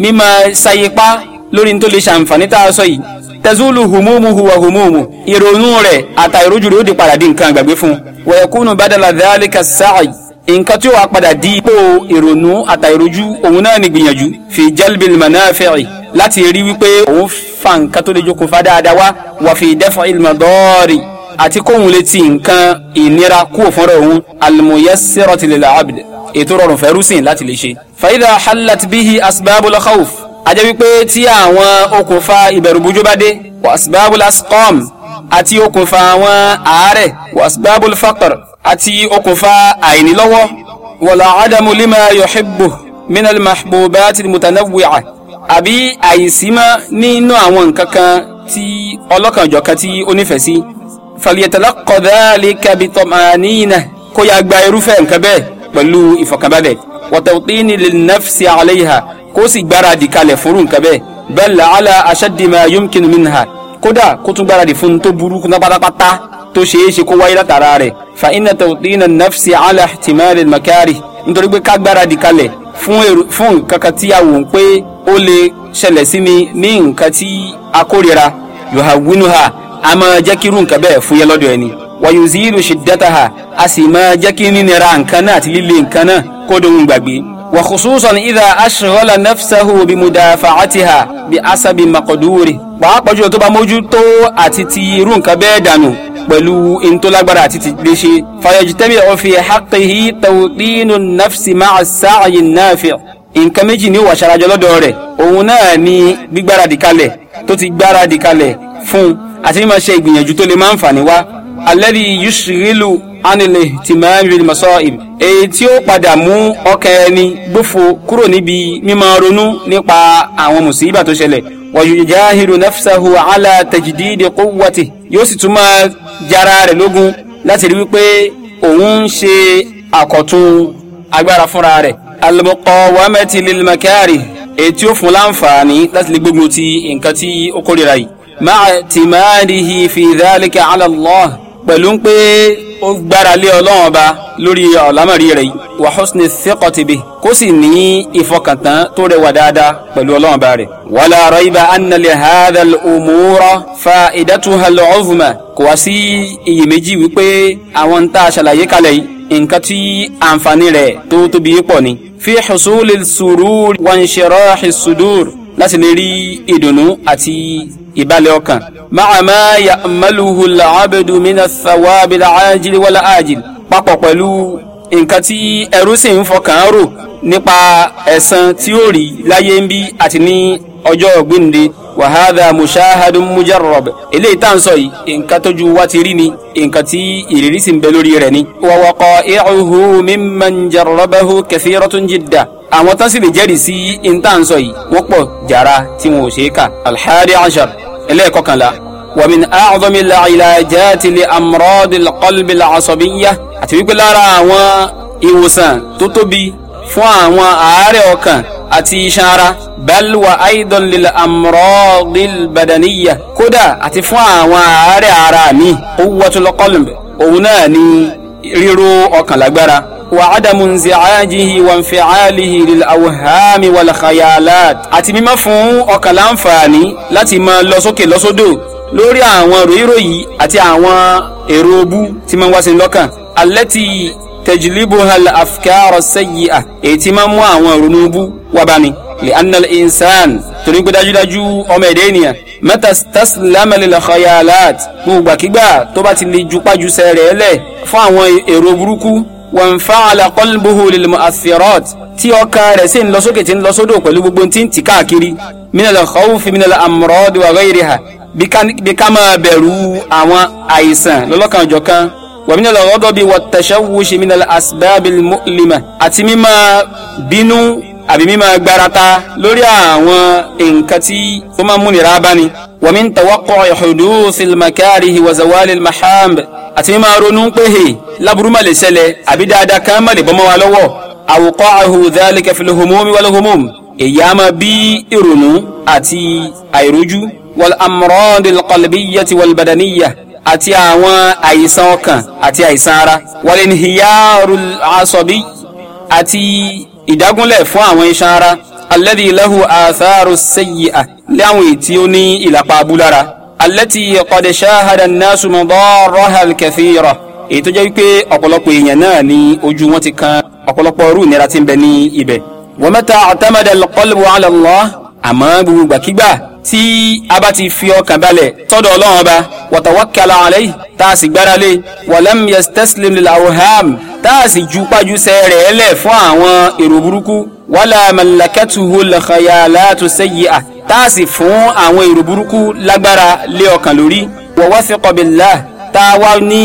Speaker 1: mímọ ṣayẹpá lórí ní tó lè ṣàǹfààní tá a sọ yìí tazulu humumuhu wa humumu ìrònú rẹ̀ àtà ìrójú rẹ̀ ó di padà di nǹkan àgbàgbé fún wa yakunu badala dhalika sa'i nǹkan tí ó wàá padà di ipò ìrònú àtà ìrójú òun náà ni gbìyànjú fi jalbil manafi'i láti rí wípé òun fa nǹkan tó lè jókòó fa dáadáa wá wà fi daf'il madari àti kóhun lè ti nǹkan ìnira kúrò fúnra òun al-muyassirati lil abd ètò rọrùn fẹ́rú sìn láti lè ṣe. fa idha bihi asbabul khawf ajẹ́ wípé tí àwọn okùnfà ìbẹ̀rùbojo bá dé wasbabul asqam àti okùnfà àwọn àárẹ̀ wasbabul faqr àti okùnfà àìnílọ́wọ́ wala adamu lima yuhibbu minal mahbubati mutanawwi'a àbí àìsímọ́ nínú àwọn nǹkan kan tí ọlọ́kanjọ̀kan tí ó nífẹ̀ẹ́ sí falyatalaqa dhalika bitama'anina kó yá irúfẹ́ nǹkan bẹ́ẹ̀ pẹ̀lú ìfọ̀kànbalẹ̀ wàtàwùtíìní lè nafsi àlẹ́yìhà kó sì gbáradì kalẹ̀ fúnrú nǹkan bẹ́ẹ̀ bẹ́ẹ̀ ala aṣáàdìmá yomkinu minha kódà kó tún gbáradì fún tó burú pátápátá tó ṣeé ṣe kó wáyé látara rẹ̀ fa iná tàwùtíìní nafsi ala tìmẹ́rẹ̀ makari nítorí pé ká gbáradì kalẹ̀ fún nǹkan kan tí a wò ó pé ó lè ṣẹlẹ̀ sí mi ní nǹkan tí a kórira yòhá winuha a máa jẹ́ kírú nǹkan bẹ́ẹ̀ fúyẹ́ lọ́dọ̀ ẹni wàyòzìlù ṣìdẹ́tàhà a sì máa jẹ́ kí nínira nǹkan náà àti líle nǹkan náà kó dohun gbàgbé wa khususan idha ashghala nafsahu bi mudafa'atiha bi asabi maqduri pàápàá jùlọ tó bá mójútó àti ti irú nǹkan bẹ́ẹ̀ dànù pẹ̀lú ìntòlágbára àti ti lè ṣe fayajtami fi haqqihi tawqinu nafsi ma'a sa'yi nafi' nǹkan méjì ní ìwà ṣarajọ lọ́dọ̀ rẹ̀ òun náà ni gbígbáradì kalẹ̀ tó ti gbáradì kalẹ̀ fún àti mímọ̀ ṣe ìgbìyànjú tó lè máa ń fà ní wá alẹ́rí yusrilu anilẹ̀ tìmọ́ẹ́rì masọ́ib èyí tí ó padà mú ọkàn ẹni gbófo kúrò níbi mímọ ronú nípa àwọn mùsíbà tó ṣẹlẹ̀ wàyùjáhìrù nafsahu ala tajididi kúwàtì yóò sì tún máa jara rẹ̀ lógun láti rí wípé òun ń ṣe àkọ̀tun agbára fúnra rẹ̀ al-muqawamati lil èyí tí ó fún láǹfààní láti lè gbógun ti nǹkan tí ó kórìíra yìí ma'a timadihi fi dhalika pẹ̀lú pé ó gbára lé ọlọ́run ọba lórí ọ̀lámọ̀rí rẹ̀ wa husni thiqati bi kó sì ní ìfọkàntán tó rẹwà dáadáa pẹ̀lú ọlọ́run ọba rẹ̀. wala rayba anna li hadha al-umura fa'idatuha al-'uzma kò wá sí iyèméjì wípé àwọn tá a ṣàlàyé kalẹ̀ yìí nǹkan tí àǹfààní rẹ̀ tó tóbi pọ̀ ni. fi husulil surur wa sudur láti lè rí ìdùnnú àti ìbálẹ̀ ọkàn. máàmá ya maluhu làábẹ̀dù mina thawabi làájìlì wàlà àjìlì papọ̀ pẹ̀lú nǹkan tí ẹrú sì ń fọkàn rò nípa ẹ̀san tí ó rí láyé ń bí àti ní ọjọ́ ọ̀gbìnde wàhádà mushahadun mujarrab eléyìí tá à ń sọ yìí nǹkan tójú wa ti rí ni nǹkan tí ìrírí sì ń bẹ lórí rẹ̀ ni. wa waqa'i'uhu mimman jarrabahu kathiratun jidda àwọn tán sì lè jẹ́rìí sí nǹta ń sọ yìí wọ́n pọ̀ jàrá tí wọn ò ṣe é kà. alḥadi ashar ẹlẹ́ẹ̀kọkànlá wa min a'zami al-'ilajati fún àwọn àárẹ̀ ọkàn àti iṣan ara balwa aidan lil amradil badaniya kódà àti fún àwọn àárẹ̀ ara mi quwwatul qalb òun náà ni ríro ọkàn lágbára wa adamu nzi'ajihi wa nfi'alihi lil awhami wal khayalat àti mímọ́ fún ọkàn láǹfààní láti máa lọ sókè lórí àwọn ròyìnròyìn àti àwọn èrò obú tí máa ń wá sí lọ́kàn allati tẹjilibu hal afkaaro sayi a èyí tí máa ń mú àwọn ìrònú bú wá bá mi. li anal insan torí pé dájúdájú ọmọ ẹ̀dá ènìyàn mẹ́ta tasilama lil khayalat gbogbàkigbà tó bá ti lè jupájúsẹ̀ rẹ̀ lẹ̀ fún àwọn èrò burúkú wọn fa'ala qalbuhu lil mu'athirat tí ọkàn rẹ̀ sì ń lọ sókè tí ń lọ gbogbo tí ń tì káàkiri minal khawfi minal amrad wa ghayriha bí ká máa bẹ̀rù àwọn àìsàn lọ́lọ́kan ọ̀jọ̀kan wàmínà lọ́rọ́ dọ́bi wàtẹ̀sẹ̀wùsì mí nàlẹ́ asbábìl mọ́lìmà àti mímọ́ bínú àbí mímọ́ gbarata lórí àwọn nǹkan tí ó máa ń múnira bá ni. wàmí tawakọ̀ ìxudúfil makarihi wazawalil mahamb àti mímọ́ ronú pé he láburú má lè ṣẹlẹ̀ àbí dáadáa kan má lè bọ́ mọ́ wa lọ́wọ́. àwòkọ́ àhùdálẹ̀ kẹfìlẹ̀ homomi wàlẹ̀ homom èyí á máa bí ìrònú àti àìrójú wàl amrọ́ndìl kọlbíyàti wàl badaniyà àti àwọn àìsàn ọkàn àti àìsàn ara wọlé ní hiyaru asọ̀bí àti ìdágúnlẹ̀ fún àwọn iṣan ara alladhi lahu atharu sayyi'a láwọn ètí ó ní ìlàpá abúlára allati qad shahada an-nasu madarraha al-kathira èyí tó jẹ́ wípé ọ̀pọ̀lọpọ̀ èèyàn náà ní ojú wọn ti kan ọ̀pọ̀lọpọ̀ irú ìnira tí ń bẹ ní ibẹ̀. wa mata i'tamada al-qalbu ala àmọ́ gbogbo gbàkígbà tí a bá ti fi ọkàn balẹ̀ tọ́dọ̀ ọlọ́run ọba wàtàwákàlà àlẹ́ tá a sì gbára lé wàlẹ́m yẹstẹ́sílẹ̀m lè àwòhám tá a sì ju pájú sẹ́rẹ̀ ẹlẹ̀ fún àwọn èrò burúkú wàlà mẹlẹkẹtù olùkàyà aláàtò sẹ́yìí à tá a sì fún àwọn èrò burúkú lágbára lé ọkàn lórí wọ̀wọ́sí kọ̀bìlá tá a wá ní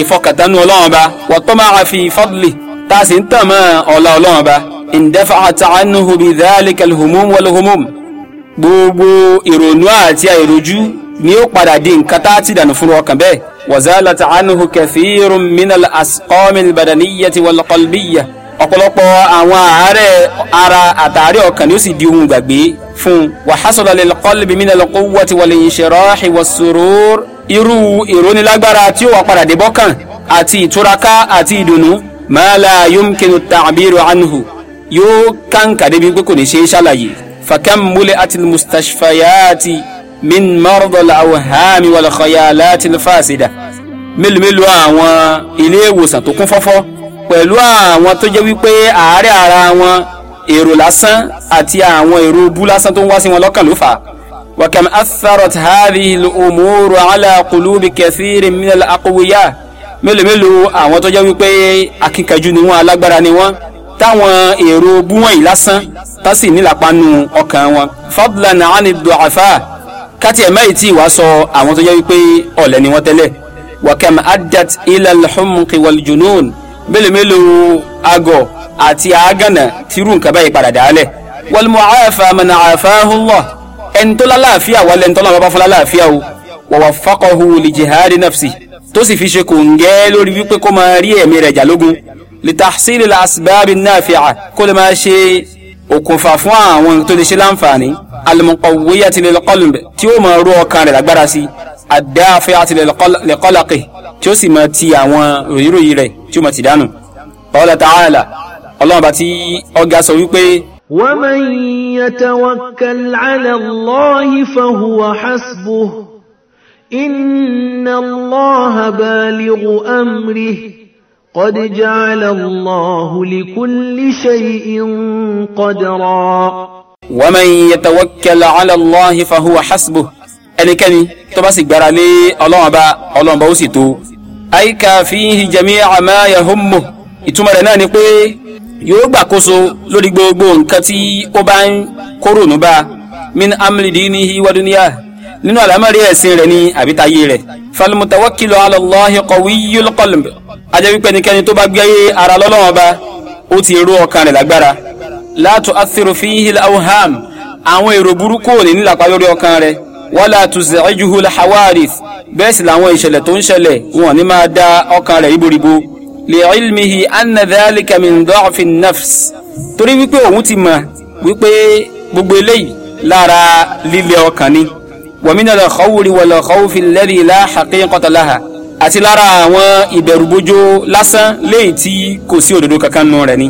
Speaker 1: ìfọkàntánú ọlọ́run ọba wọ́tọ́ gbogbo ìrònú àti àìrojú ni ó padà di nǹkan tá a ti dànù fún ọkàn bẹ́ẹ̀ wazalat anhu kathirun minal asqamil badaniyyati wal qalbiyyah ọ̀pọ̀lọpọ̀ àwọn àárẹ̀ ara àtàrí ọkàn ni ó sì di ohun gbàgbé fún un wa hasala lil qalbi minal quwwati wal inshirahi was surur irú ìrónilágbára tí ó wà padà dé bọ́kàn àti ìtúraká àti ìdùnnú ma la yumkinu ta'biru anhu yóò kàǹkà débi pé kò ní ṣe é ṣàlàyé فكم ملئت المستشفيات من مرضى الأوهام والخيالات الفاسدة mílùmílù àwọn ilé ìwòsàn tó kún fọ́fọ́ pẹ̀lú àwọn tó jẹ́ wípé àárẹ̀ ara wọn èrò lásán àti àwọn èrò bú lásán tó ń wá sí wọn lọ́kàn ló fà á. وكم أثرت هذه الأمور على قلوب كثير من الأقوياء mílùmílù àwọn tó jẹ́ wípé akíkanjú ni wọ́n alágbára ni wọ́n táwọn èrò búwọ̀n yìí lásán tá sì nílàpánu ọkàn wọn. fadlan ani du'afa káti ẹ̀ mẹ́yìí tí ìwà sọ àwọn tó jẹ́ wípé ọ̀lẹ ni wọ́n tẹ́lẹ̀ wakam adat ila al-humqi wal-junun mélòó mélòó agọ̀ àti àágànà tírú nǹkan báyìí padà dálẹ̀. wal-mu'afa man afahu Allah ẹni tó wà lẹ́ni tó lọ́wọ́ bá fún lálàáfíà o wa waffaqahu li jihadi tó sì fi ṣe kòǹgẹ́ lórí wípé kó máa rí ẹ̀mí rẹ̀ jà lógun لتحصيل الأسباب النافعة كل ما شيء وكفافوا ونتلش الأنفاني المقوية للقلب تيوما روح كان الأكبرسي الدافعة لقلقه ما تيا ويروي ري تيوما تدانو قال تعالى الله باتي أجاسو يقول
Speaker 2: ومن يتوكل على الله فهو حسبه إن الله بالغ أمره قد جعل الله لكل شيء قدرا
Speaker 1: ومن يتوكل على الله فهو حسبه ẹnikẹ́ni tó bá sì gbára lé ọlọ́run bá ọlọ́run bá ó sì tó. àyíká fihi jami'a ma yahummu ìtumọ̀ rẹ̀ náà ni pé yóò gbàkóso lórí gbogbo nǹkan tí ó bá ń kórònú bá min amli dinihi wa dunya nínú àlámọ̀rí ẹ̀sìn rẹ̀ ní àbítayé rẹ̀. falimutawakkilu ala Allahi qawiyyul qalb ajẹ́ wípé ẹnikẹ́ni tó bá gbé ara lọ́lọ́wọ́n bá ó ti rú ọkàn rẹ̀ lágbára. la tu'athiru fihi al-awham àwọn èrò burúkú ò ní nílàpá lórí ọkàn rẹ̀ wala tuz'ijuhu al-hawarith bẹ́ẹ̀ sì làwọn ìṣẹ̀lẹ̀ tó ń ṣẹlẹ̀ wọn ní máa da ọkàn rẹ̀ ríboríbo. li ilmihi anna dhalika min da'fi nafs torí wípé òun ti mọ̀ wípé gbogbo eléyìí lára líle ọkàn ni wàmínà lọ́kọ́wùrì wọ̀lọ́kọ́wùfì lẹ́rì ilá haqiqata laha àti lára àwọn ìbẹ̀rùbójó lásán léyìí tí kò sí òdodo kankan nù rẹ̀ ni.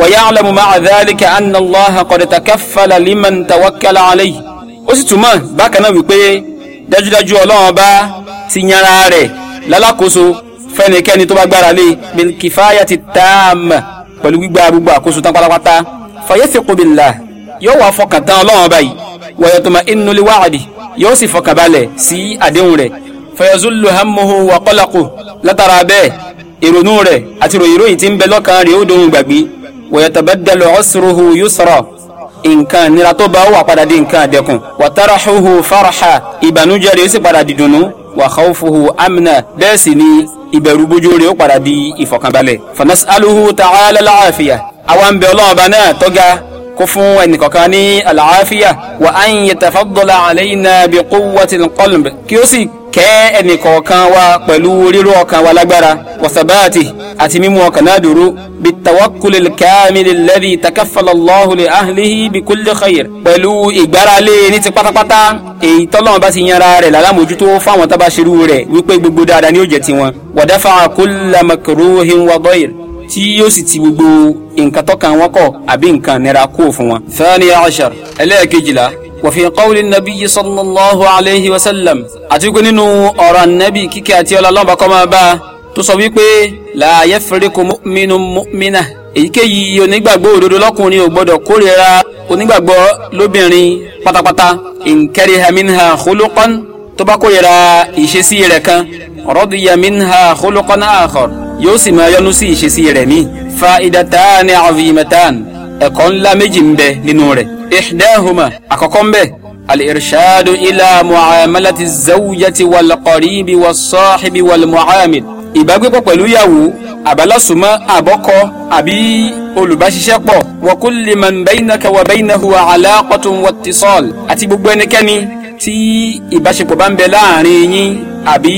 Speaker 1: wa ya'lamu ma'a dhalika anna Allaha qad takaffala liman tawakkala alayhi. ó sì túmọ̀ bákan náà wípé dájúdájú ọlọ́run ọba ti yanra rẹ̀ lálákòóso fẹ́nikẹ́ni tó bá gbára lé bil kifayati taama pẹ̀lú gbígbà gbogbo àkóso tán pátápátá fa yathiqu yóò wá fọkàn ọlọ́run ọba yìí wọ̀yọ̀tọ̀mà ìnulí wáàdì yóò sì fọkàbalẹ̀ sí àdéhùn rẹ̀ fayazulu hamuhu wa kọ́lákù látara bẹ́ẹ̀ ìrònú rẹ̀ àti ròyìnròyìn tí ń bẹ lọ́kàn rẹ̀ ó dohun gbàgbé wọ̀yọ̀tọ̀bẹ́dẹ́lẹ̀ ọ̀sùrùhù yusra nǹkan nira tó bá wà padà di nǹkan àdẹ̀kùn wàtàràhùhù faraha ìbànújẹ́ rẹ̀ ó sì padà di dùnú wàhàwùfùhù amina bẹ́ẹ̀ sì ni ìbẹ̀rù bójú rẹ̀ ó padà di ìfọ̀kànbalẹ̀ fanas'aluhu ta'ala la'afiya àwa ń bẹ ọlọ́run ọba náà tọ́ga kó fún ẹnìkọ̀kan ní àlàáfíà wa an yatafaddala alayna bi quwwatil qalb kí ó sì kẹ́ ẹnìkọ̀ọ̀kan wa pẹ̀lú ríró ọkàn wa lágbára wasabati àti mímú ọkàn náà dúró bitawakkul alkamil alladhi takaffala Allahu li ahlihi bi kulli khair pẹ̀lú ìgbáralé ní ti pátápátá èyí tọ́lọ́run bá ti yanra rẹ̀ lálámójútó fáwọn tábàṣirú rẹ̀ wípé gbogbo dáadáa ni ó jẹ́ tí yóò sì ti gbogbo nǹkan tọ́kàn wọn kọ̀ àbí nǹkan nira kúrò fún wọn. fẹ́ẹ́ni ashar ẹlẹ́ẹ̀kejìlá wàfi qawli nabiyyi sallallahu alayhi wa sallam àti wípé nínú ọ̀rọ̀ anabi kíkẹ́ àti ọlọ́lọ́ bá kọ́ máa bá a tó sọ wípé la yafriqu mu'minun mu'minah èyíkéyìí onígbàgbọ́ òdodo lọ́kùnrin ò gbọ́dọ̀ kórìíra onígbàgbọ́ lóbìnrin pátápátá in kariha minha tó bá kórìíra ìṣesí rẹ̀ kan radiya minha khuluqan yóò sì máa yọnu sí ìṣesí rẹ̀ ní. fa'idatan azimatan ẹ̀kọ́ ńlá méjì ń bẹ nínú rẹ̀. ihdahuma àkọ́kọ́ ń bẹ al-irshadu ila mu'amalati zawjati wal qaribi was sahibi wal mu'amil. ìbágbépọ̀ pẹ̀lú yàwó àbálọ́sùmọ́ àbọ́kọ àbí olùbáṣiṣẹ́pọ̀ wa kulli man baynaka wa baynahu alaqatun wattisal àti gbogbo ẹnikẹ́ni tí ìbáṣepọ̀ bá ń bẹ láàrin yín àbí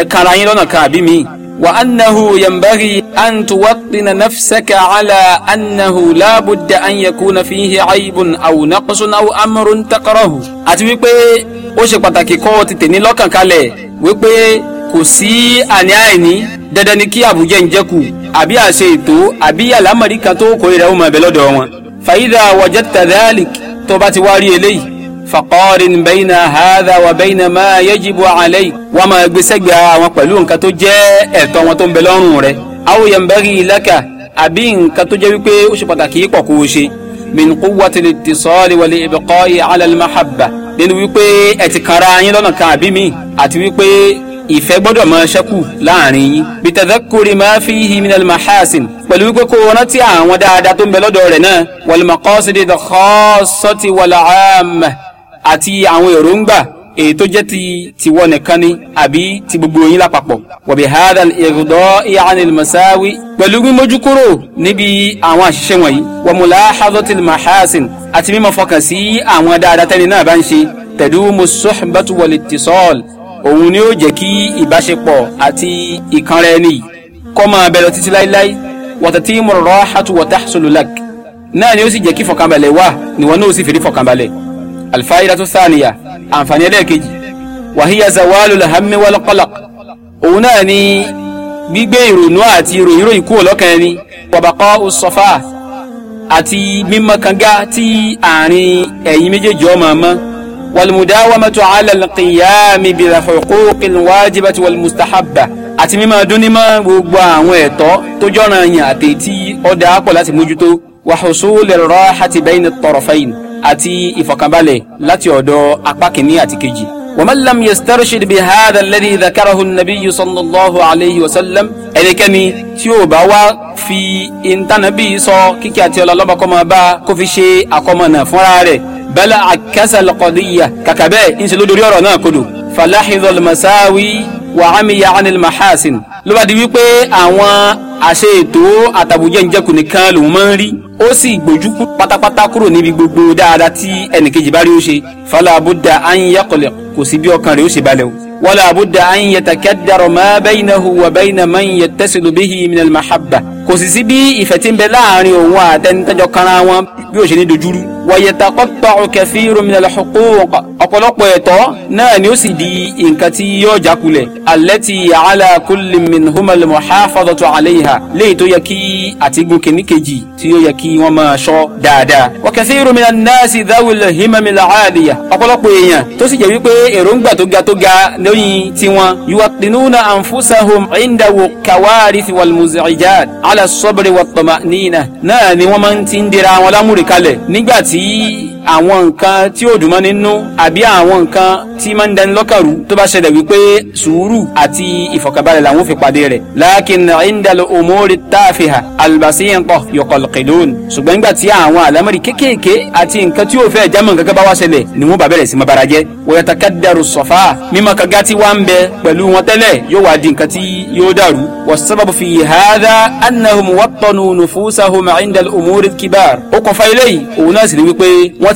Speaker 1: ẹ̀ka ara yín lọ́nà kan àbí míì وأنه ينبغي أن توطن نفسك على أنه لا بد أن يكون فيه عيب أو نقص أو أمر تكرهه àti wípé ó ṣe pàtàkì kó o ti tẹ̀ ní lọ́kàn kalẹ̀ wípé kò sí àní àìní dandan ni kí àbújá ń jẹ́kù àbí àṣe ètò àbí àlámọ̀rí kan tó kórìíra ó máa bẹ lọ́dọ̀ wọn. فإذا وجدت ذلك tó bá ti wá rí eléyìí faqarin bayna hadha wa bayna ma yajibu alayk wọ́n máa gbé sẹ́gbẹ̀ ara wọn pẹ̀lú nǹkan tó jẹ́ ẹ̀tọ́ wọn tó ń bẹ lọ́rùn rẹ̀ aw yanbaghi laka àbí nǹkan tó jẹ́ wípé ó ṣe pàtàkì pọ̀ kó o ṣe min quwwati al-ittisali wal ibqa'i ala al-mahabba nínú wípé ẹ ti kanra yín lọ́nà kan àbí mi àti wípé ìfẹ́ gbọ́dọ̀ máa ṣẹ́kù láàrin yín. bitadhakuri ma fihi minal mahasin pẹ̀lú wípé kó o rántí àwọn dáadáa tó ń bẹ lọ́dọ̀ rẹ̀ náà wal maqasidi al-khassati wal àti àwọn èròǹgbà èyí tó jẹ́ ti tiwọ nìkan ni àbí ti gbogbo yín lápapọ̀ wọ̀bí hadal ìrùdọ́ ìhànil masáwí pẹ̀lú mímójú kúrò níbi àwọn àṣìṣe wọ̀nyí wọ̀mùlá hazotil mahasin àti mímọ̀ fọkàn sí àwọn dáadáa tẹ́ni náà bá ń ṣe tẹ̀dú musuhbatu wọlé tisọ́ọ̀l òun ni ó jẹ́ kí ìbáṣepọ̀ àti ìkanra ẹni kọ́ máa bẹ̀rẹ̀ títí láíláí wọ̀tẹ̀tí mọ̀rọ̀ ni ó sì jẹ́ kí alfaida tó sáàniyà àǹfààní ẹlẹ́ẹ̀kejì wàhíyà zawalu lahammi wal qalaq òun náà ni gbígbé ìrònú àti ìròyìnrò ìkú ọlọ́kàn ẹni wàbàkọ́ ọsọfà àti mímọ́ kanga tí àárín ẹ̀yìn méjèèjì ọmọ ọmọ walmudawamatu ala alqiyami bilhuquqi alwajibati walmustahabba àti mímọ́ dúnímọ́ gbogbo àwọn ẹ̀tọ́ tó jọ̀ràn yàn àtẹ̀tí ọ̀dà àpọ̀ láti mójútó wàhùsùlẹ̀ rọ́hàtì bayna at-tarafayn àti ìfọ̀kànbalẹ̀ láti ọ̀dọ̀ apá kìíní àti kejì. waman lam yastarshid bi hadha alladhi dhakarahu an-nabiyyu sallallahu alayhi wa sallam ẹnikẹ́ni tí ó bá wá fi ìntànàbí sọ kíkẹ́ àti ọlọ́lọ́bàkọ́mọ bá kó fi ṣe àkọmọ̀nà fúnra rẹ̀ bala akasa lọkọdiyya kàkà bẹ́ẹ̀ ń ṣe lódori ọ̀rọ̀ náà kodò falahidol masawi wa amiya anil ó sì gbójú kú pátápátá kúrò níbi gbogbo dáadáa tí ẹnìkejì bá rí ó ṣe fala budda an yaqliq kò sí bí ọkàn rẹ̀ ó ṣe balẹ̀ o. wala budda an yatakaddara ma baynahu wa bayna man yattasilu bihi min mahabba kò sì sí bí ìfẹ́ tí ń bẹ láàrin òun àtẹnitọ́jọ kanra wọn bí ó ṣe ní dojúrú. wọ̀yẹ̀tà kọ́tọ̀ kẹfì rominala ṣoko ọ̀pọ̀lọpọ̀ ẹ̀tọ́ náà ni ó sì di nǹkan tí yóò jákulẹ̀. allati ala kulli min humal muhafadatu alayha léyìí tó yẹ kí àtigun kìíní tí ó yẹ kí wọ́n máa ṣọ́ dáadáa. wa kathiru minan nasi sì jẹ́ wípé èròǹgbà ala sọ́bìrì wàtọ̀mà níyìnà náà ni wọ́n máa ń ti ń dira wọn lámúre nígbà tí àwọn nǹkan tí ò dùn mọ́ nínú àbí àwọn nǹkan tí máa ń dání lọ́kàrú tó bá ṣẹlẹ̀ wípé sùúrù àti ìfọ̀kànbalẹ̀ làwọn fi pàdé rẹ̀. lakin indal umuri tafiha albasiyanko yọkọlọkẹdọn ṣùgbọ́n nígbà tí àwọn àlámọ̀rí kéékèèké àti nǹkan tí ò fẹ́ jámọ̀ nǹkan kan bá wá ṣẹlẹ̀ ni wọ́n bá bẹ̀rẹ̀ sí máa bara jẹ́. wọ́yàtàkàdàrú sọ̀fà mímọ kankan tí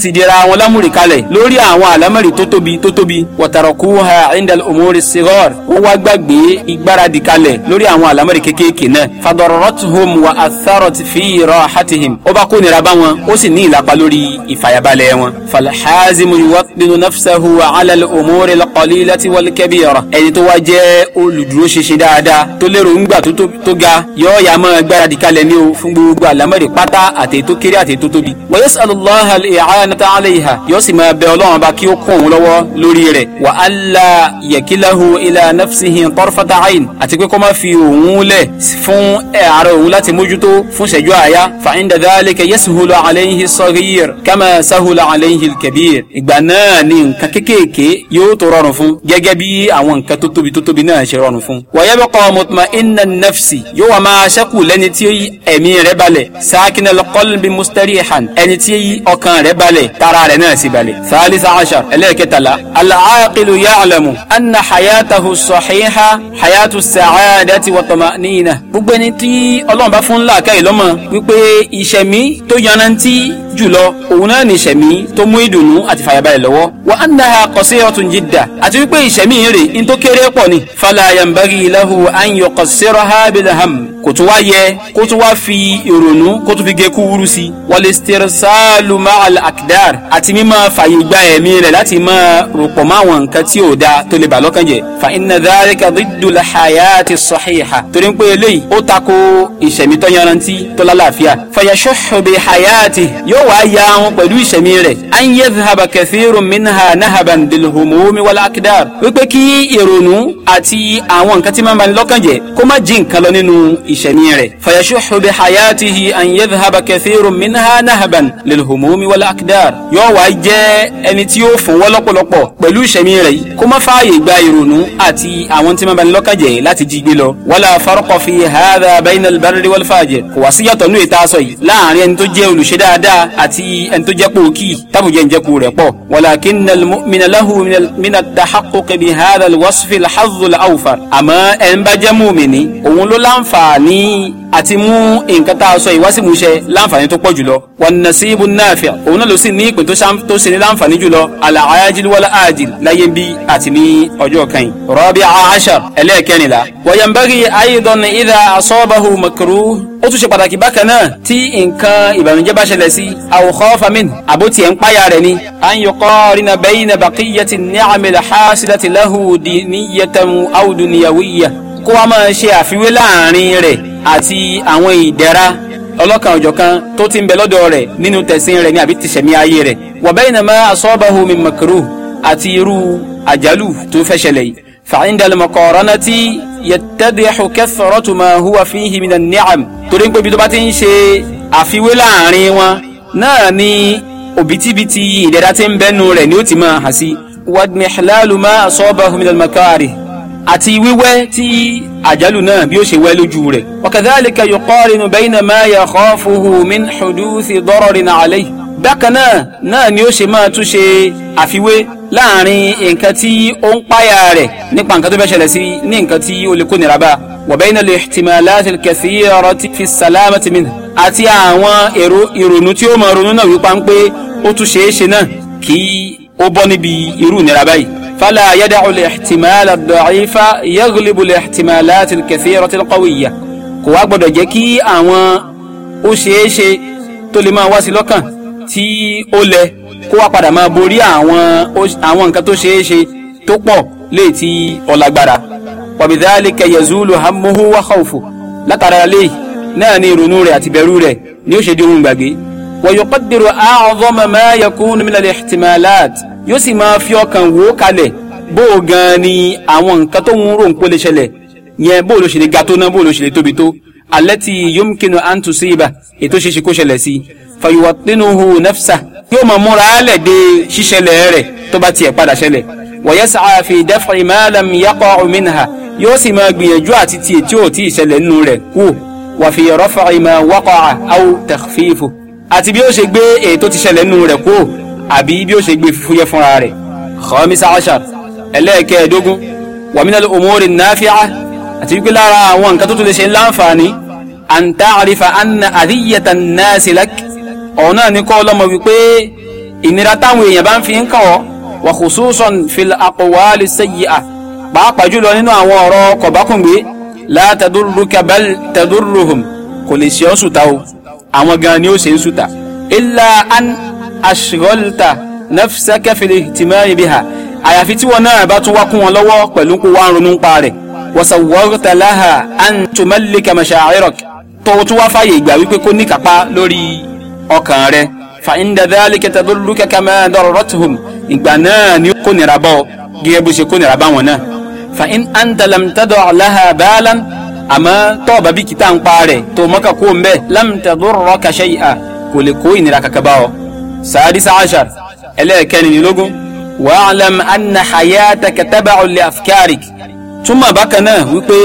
Speaker 1: sì dira wọn lámùrì kalẹ̀ lórí àwọn àlámọ̀rì tó tóbi tó tóbi watarukuha indal umuri sigar ó wá gbàgbé ìgbáradì kalẹ̀ lórí àwọn àlámọ̀rì kékèké náà fadarratuhum wa atharat fi rahatihim ó bá kó nira bá wọn ó sì ní ìlapa lórí ìfàyàbalẹ̀ wọn. falhazimu yuwaqqinu nafsahu ala al-umuri al-qalilati wal-kabira ẹni tó wá jẹ́ olùdúró ṣinṣin dáadáa tó lérò ńgbà tó ga yọ ya máa gbáradì kalẹ̀ ní o fún gbogbo àlámọ̀rì pátá àtètò kéré àtètò tóbi. wa yas'alullaha ìstá'ánátà aláìhà yóò sì máa bẹ ọlọ́run ọba kí ó kún òun lọ́wọ́ lórí rẹ̀ wà á la yẹ̀kíláhu ilà nafsihin tọ́rọ́fàtà àìn àti pé kó má fi òun lẹ̀ fún ẹ̀ ara òun láti mójútó fún ṣẹ́jú àyá fàáyín dàdálẹ́kẹ̀ yẹ́sùhùlọ àlẹ́yìn sọ́gíyìr kama sahùlọ àlẹ́yìn kẹbíir ìgbà náà ni nǹkan kéékèèké yóò tó rọrùn fún gẹ́gẹ́ bí àwọn nǹkan tó tóbi tó tóbi náà ṣe rọrùn fún. wàyẹ́ bẹ́ kọ́ mọ̀tòmá iná nafsi yóò wá máa ṣẹ́kù lẹ́ni tí ẹ̀mí rẹ̀ balẹ̀ sákínà lọ́kọ́lùbí mustarihan ẹni tí ọkàn rẹ̀ balẹ̀ balẹ̀ tara rẹ̀ náà sì balẹ̀. salisa ashar ẹlẹ́kẹtàlá alaaqilu yaalamu anna hayatahu sọ̀xiixa hayatu sàcádàti wàtọ̀mánìyìnà. gbogbo ẹni tí ọlọ́run bá fún làákàyè lọ́mọ wípé ìṣẹ̀mí tó yanrantí jùlọ òun náà ní ìṣẹ̀mí tó mú ìdùnnú àti fàyàbalẹ̀ lọ́wọ́. wa annaha qasiratun jidda àti wípé ìṣẹ̀mí rẹ̀ in tó kéré pọ̀ ni. fala yanbaghi lahu an yuqassiraha bil ham kò tún wá yẹ kó tún wá fi ìrònú kó tún fi gé kúwúrú sí. wal istirsalu ma'al akdar àti mímọ fàyè gba ẹ̀mí rẹ̀ láti mọ ròpọ̀ mọ́ nǹkan tí ò dáa tó lè bà lọ́kàn jẹ́. fa inna dhalika diddul hayati sahiha. torí pé eléyìí ó tako ìṣẹ̀mí tó yanrantí tó lálàáfíà. fa yashahhu bi hayati yóò wàá ya ahun pẹ̀lú ìṣẹ̀mí rẹ̀ an yadhhaba kathirun minha nahaban dil humumi wal akdar wípé kí ìrònú àti àwọn nǹkan tí máa ń bani lọ́kàn jẹ́ kó má jí nǹkan lọ nínú ìṣẹ̀mí rẹ̀ fayashuhu bi hayatihi an yadhhaba kathirun minha nahaban lil humumi wal akdar yóò wá jẹ́ ẹni tí yóò fún wọ́ lọ́pọ̀lọpọ̀ pẹ̀lú ìṣẹ̀mí kó má fààyè gba ìrònú àti àwọn tí máa ń bani lọ́kàn jẹ́ láti jí gbé lọ wala farqa fi hadha bayna al wal fajir kò wá síyàtọ̀ nú ìta aṣọ yìí láàárín ẹni tó jẹ́ olùṣe dáadáa àti ẹni tó jẹ́ pòkì tábùjẹ́ ìjẹ́kù rẹ̀ pọ̀ walakinna al-mu'mina lahu min at-tahaqquq bi hadha al-wasf al-hazz al-awfar àmọ́ ẹ̀ ń bá jẹ́ mùmìnì òun ló láǹfààní àti mú nǹkan tá a sọ ìwásìmúṣẹ láǹfààní tó pọ̀ jùlọ wan-nasibu an-nafi' òun náà ló sì ní ìpín tó ṣe ní láǹfààní jùlọ al-ajil wal-ajil láyé ń bí àti ní ọjọ́ kan yìí. rabi'a ashar ẹlẹ́ẹ̀kẹrìnlá wa yanbaghi aydan idha asabahu makruh ó tún ṣe pàtàkì bákan náà tí nǹkan ìbànújẹ́ bá ṣẹlẹ̀ sí àwòkọ́fà min àbótiẹ̀ ń páyà rẹ̀ ni. an yuqarina bayna baqiyati an-ni'am al-hasilati lahu diniyatan aw dunyawiyyah. kó wa máa ṣe àfiwé láàrin rẹ̀ àti àwọn ìdẹ̀ra ọlọ́kan òjọ̀kan tó ti ń bẹ lọ́dọ̀ rẹ̀ nínú tẹ̀sìn rẹ̀ ní àbí tìṣẹ̀mí ayé rẹ̀. wa bayna ma asabahu فعند المقارنة يتضح كثرة ما هو فيه من النعم. torí pé bí tó bá ti ń ṣe àfiwé láàrin wọn náà ni òbítíbitì ìdẹ̀ra tí ń bẹ́nu rẹ̀ ni ó ti máa hà sí. wàdìní hilalu máa asọ́ba humidal makari àti wíwẹ́ tí àjálù náà bí ó ṣe wẹ́ lójú rẹ̀. wakadhalika yuqarinu bayna ma yakhafuhu min huduthi dararin alayhi. bákan náà náà ni ó ṣe máa tún ṣe àfiwé láàrin nǹkan tí ó ń páyà rẹ̀ nípa nǹkan tó fẹ́ ṣẹlẹ̀ sí ní nǹkan tí ó lè kó nira bá. wa bayna al-ihtimalati al-kathirati fi as-salamati minha àti àwọn èrò ìrònú tí ó mọ ronú náà wípa ń pé ó tún ṣeé ṣe náà kí ó bọ́ níbi irú ìnira báyìí. fala yada'u al-ihtimal ad-da'ifa yaghlibu al-ihtimalat al-kathirata al-qawiyya kò wá gbọ́dọ̀ jẹ́ kí àwọn ó ṣeé ṣe tó lè máa wá sí lọ́kàn tí ó lẹ kó wá padà máa borí àwọn nǹkan tó ṣeé ṣe tó pọ̀ léè tí ó lágbára. wa bidhalika yazulu hammuhu wa khawfuhu látara léyìí náà ni ìrònú rẹ̀ àti bẹ̀rù rẹ̀ ni ó ṣe di ohun gbàgbé wa yuqaddiru a'zama ma yakunu min al-ihtimalat yóò sì máa fi ọkàn wò ó kalẹ̀ bó o gan ni àwọn nǹkan tó ń rò ń pélé ṣẹlẹ̀ yẹn bó o ló ṣe lè ga tó náà bó o ló ṣe tóbi tó allati yumkinu an tusiba ètò ṣeṣe kó ṣẹlẹ̀ sí fayuwattinuhu nafsa yóò máa múra álẹ̀ de ṣíṣẹlẹ̀ rẹ̀ tó bá tiẹ̀ padà ṣẹlẹ̀ wa yas'a fi daf'i ma lam yóò sì máa gbìyànjú àti tiẹ̀ tí ò tí ì ṣẹlẹ̀ nínú rẹ̀ kú wàfi rọ́fà ìmọ̀ wọ́kọ̀ àwọ̀ tẹ̀fífù àti bí ó ṣe gbé ètò ti ṣẹlẹ̀ nù rẹ̀ kúrò àbí bí ó ṣe gbé fúyẹ́ fúnra rẹ̀ khamisa ashar ẹlẹ́ẹ̀kẹ́ẹ̀dógún wàmínàlú umuri náfíà àti wípé lára àwọn nǹkan tó tún lè ṣe láǹfààní an ta'rifa anna àdíyẹ̀tà náà sí lẹ́k ọ̀hún náà ní kọ́ ọlọ́mọ wípé ìnira táwọn èèyàn bá ń fi ń kàn ọ́ wa khususan fil aqwali sayyi'a pàápàá jùlọ nínú àwọn ọ̀rọ̀ kọ̀bákùngbé la tadurruka bal tadurruhum kò lè ṣe ọ́ sùtà o àwọn gan ni ó ṣe ń sùtà illa an ashghalta nafsaka fil ihtimami biha àyàfi tí wọn náà bá tún wá kún wọn lọ́wọ́ pẹ̀lú kó wá ń ronú pa rẹ̀ wasawwarta laha an tumallika mashaa'irak tó tún wá fàyè ìgbà wípé kó ní kápá lórí ọkàn rẹ̀ fa inda dhalika tadurruka kama darratuhum ìgbà náà ni kò nira bọ́ gẹ́gẹ́ bó ṣe kò nira bá wọn náà fàyín anta lam tadọ̀ laha baalan àmọ́ tọ́ọ̀ bàbí kìtà ń pa rẹ̀ tó mọ́kà kó ń bẹ́ẹ̀ lam tadurraka shay'a kò lè kó ìnira kankan bá ọ. sàádìsá àṣàr ẹlẹ́ẹ̀kẹrìnlélógún wa'lam anna hayataka taba'u li afkarik túmọ̀ bákan náà wípé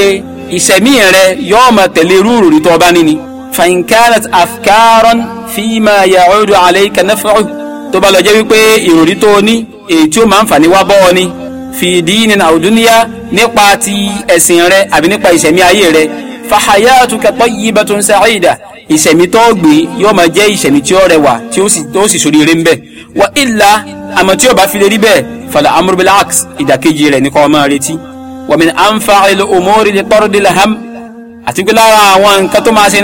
Speaker 1: ìṣẹ̀mí rẹ yóò máa tẹ̀lé rúurú rí tọ́ba níní. fa'in kanat afkaran fima ya'udu alayka naf'u tó bá lọ jẹ́ wípé ìròrí tó ní èyí tí ó máa ń fà ní wá bọ́ ni fi dinin aw dunya nípa ti ẹ̀sìn rẹ àbí nípa ìṣẹ̀mí ayé rẹ fahayatuka tayyibatun sa'ida ìṣẹ̀mí tó gbé yóò máa jẹ́ ìṣẹ̀mí tí ó rẹwà tí ó sì tó sì sóríire ń bẹ̀ wa illa àmọ́ tí ó bá fi lè rí bẹ́ẹ̀ fala amru bil aks ìdàkejì rẹ̀ ní kó máa retí wa min anfa'il umuri li tardil ham àti pé lára àwọn nǹkan tó máa ṣe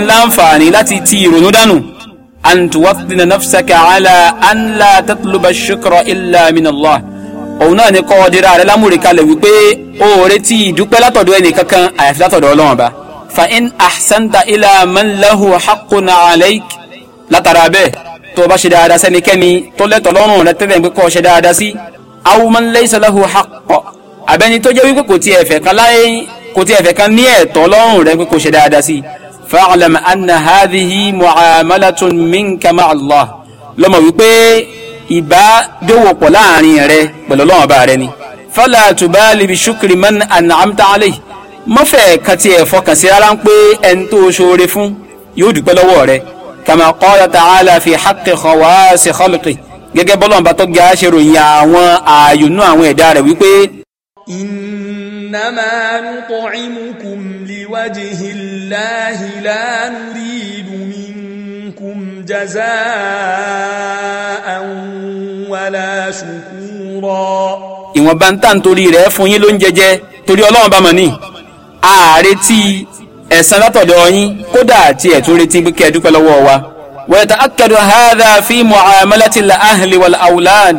Speaker 1: òun náà ni kọ́ ọdira rẹ lámúre kalẹ̀ wípé o ò retí ìdúpẹ́ látọ̀dọ̀ ẹnì kankan àyàfi látọ̀dọ̀ ọlọ́run ba. fa in ahsanta ila man lahu haqqun alayk látara bẹ́ẹ̀ tó o bá ṣe dáadáa sẹ́nikẹ́ni tó lẹ́tọ̀ lọ́rùn rẹ tẹ́lẹ̀ pé kọ́ ọ ṣe dáadáa sí. aw man laysa lahu haqq àbẹ́ni tó jẹ́ wípé kò tiẹ̀ fẹ́ kan láyé kò tiẹ̀ fẹ́ kan ní ẹ̀tọ́ lọ́rùn rẹ pé kò ṣe dáadáa sí ìbádòwòpọ̀ láàrin rẹ pẹ̀lú ọlọ́run ọba rẹ ni. fọlá tùbálì bí ṣúkìrì mọ́n ànàmtà alẹ́ mọ́fẹ́ kan tiẹ̀ fọkàn sí rárá ń pé ẹni tó ṣoore fún yóò dúpẹ́ lọ́wọ́ rẹ. kàmá qala ta'ala fi haqqi khawas khalqi gẹ́gẹ́ bọ́lọ́run bá tọ́gí aṣẹ ròyìn àwọn ààyò nú àwọn ẹ̀dá rẹ̀ wípé.
Speaker 2: innama nut'imukum liwajhi llahi la nuridu min جزاء ولا شكورا
Speaker 1: ìwọ̀nba ń tàn torí rẹ̀ fún yín ló ń jẹjẹ torí ọlọ́run bá mọ̀ ní ààrẹ tí ẹ̀san látọ̀dọ̀ yín kódà tí ẹ̀ tún retí pé kí ẹ dúpẹ́ lọ́wọ́ wa. ويتأكد هذا في معاملة الأهل والأولاد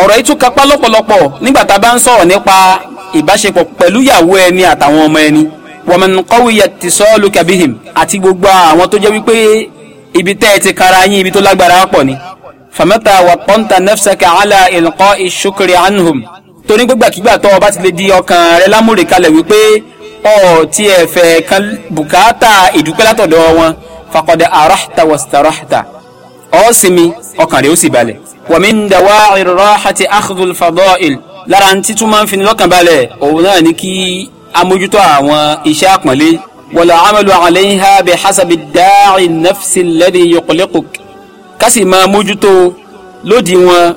Speaker 1: ọ̀rọ̀ yìí tún kápá lọ́pọ̀lọpọ̀ nígbà tá a bá ń sọ̀rọ̀ nípa ìbáṣepọ̀ pẹ̀lú ìyàwó ẹni àtàwọn ọmọ ẹni. ومن قوي اتصالك بهم àti gbogbo àwọn tó ibi tẹ́ ẹ ti kara yín ibi tó lágbára pọ̀ ni. famata wa pọ́ńtà nafsaka ala ilqa ishukri anhum. torí gbígbàkigbà tó o bá ti lè di ọkàn rẹ lámúre kalẹ̀ wípé ọ ti ẹ̀ fẹ́ kan bùkátà ìdúpẹ́ látọ̀dọ̀ wọn faqad arahta wastarahta. ọ sinmi ọkàn rẹ ó sì balẹ̀. wa min dawa'i rrahati akhdhul fada'il lára ntí tún máa ń fini lọ́kàn balẹ̀ òun náà ní kí amójútó àwọn iṣẹ́ àpọ́nlé والعمل عليها بحسب الداعي النفس الذي يقلقك kásì máa mójútó lódiwọ̀n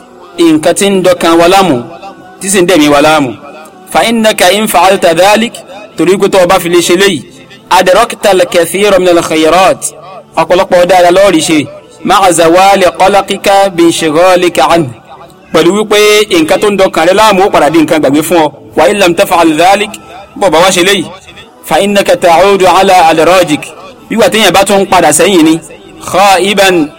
Speaker 1: nǹkan tí ń dọkàn wa láàmú tí sì ń dẹ̀mí wa láàmú. fa innaka in fa'alta dhalik torí pé tó o bá fi lè ṣe léyìí adrakta kathira min al-khayrat ọ̀pọ̀lọpọ̀ dáadáa lọ́ọ̀rì ṣe qalaqika bi inshighalika pẹ̀lú wípé nǹkan tó ń dọkàn rẹ láàmú ó padà di nǹkan gbàgbé fún ọ wa in lam taf'al bọ̀ bá wá ṣe léyìí فإنك تعود على أدراجك بيواتين يباتون قد سيني خائبا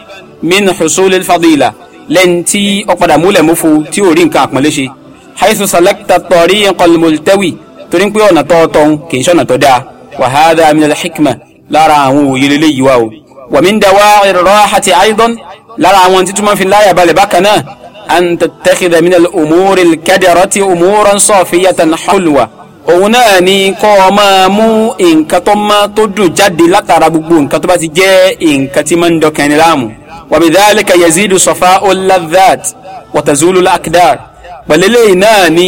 Speaker 1: من حصول الفضيلة لن تي أقرأ مولا مفو تيورين كاك مليشي حيث سلكت الطريق الملتوي ترين بيو نطوطون كيشو نطودا وهذا من الحكمة لا رأمو يللي يواو ومن دواعي الراحة أيضا لا رأمو أنت تمام في الله يبالي بكنا أن تتخذ من الأمور الكدرة أمورا صافية حلوة òun náà ni kọ́ ọ máa mú nǹkan tó má tó dùn jáde látara gbogbo nǹkan tó bá ti jẹ́ nǹkan tí máa ń dọkàn ní láàmú. wa bidhalika yazidu safa'u ladhat wa tazulu al-akdar pẹ̀lẹ́lẹ́ náà ni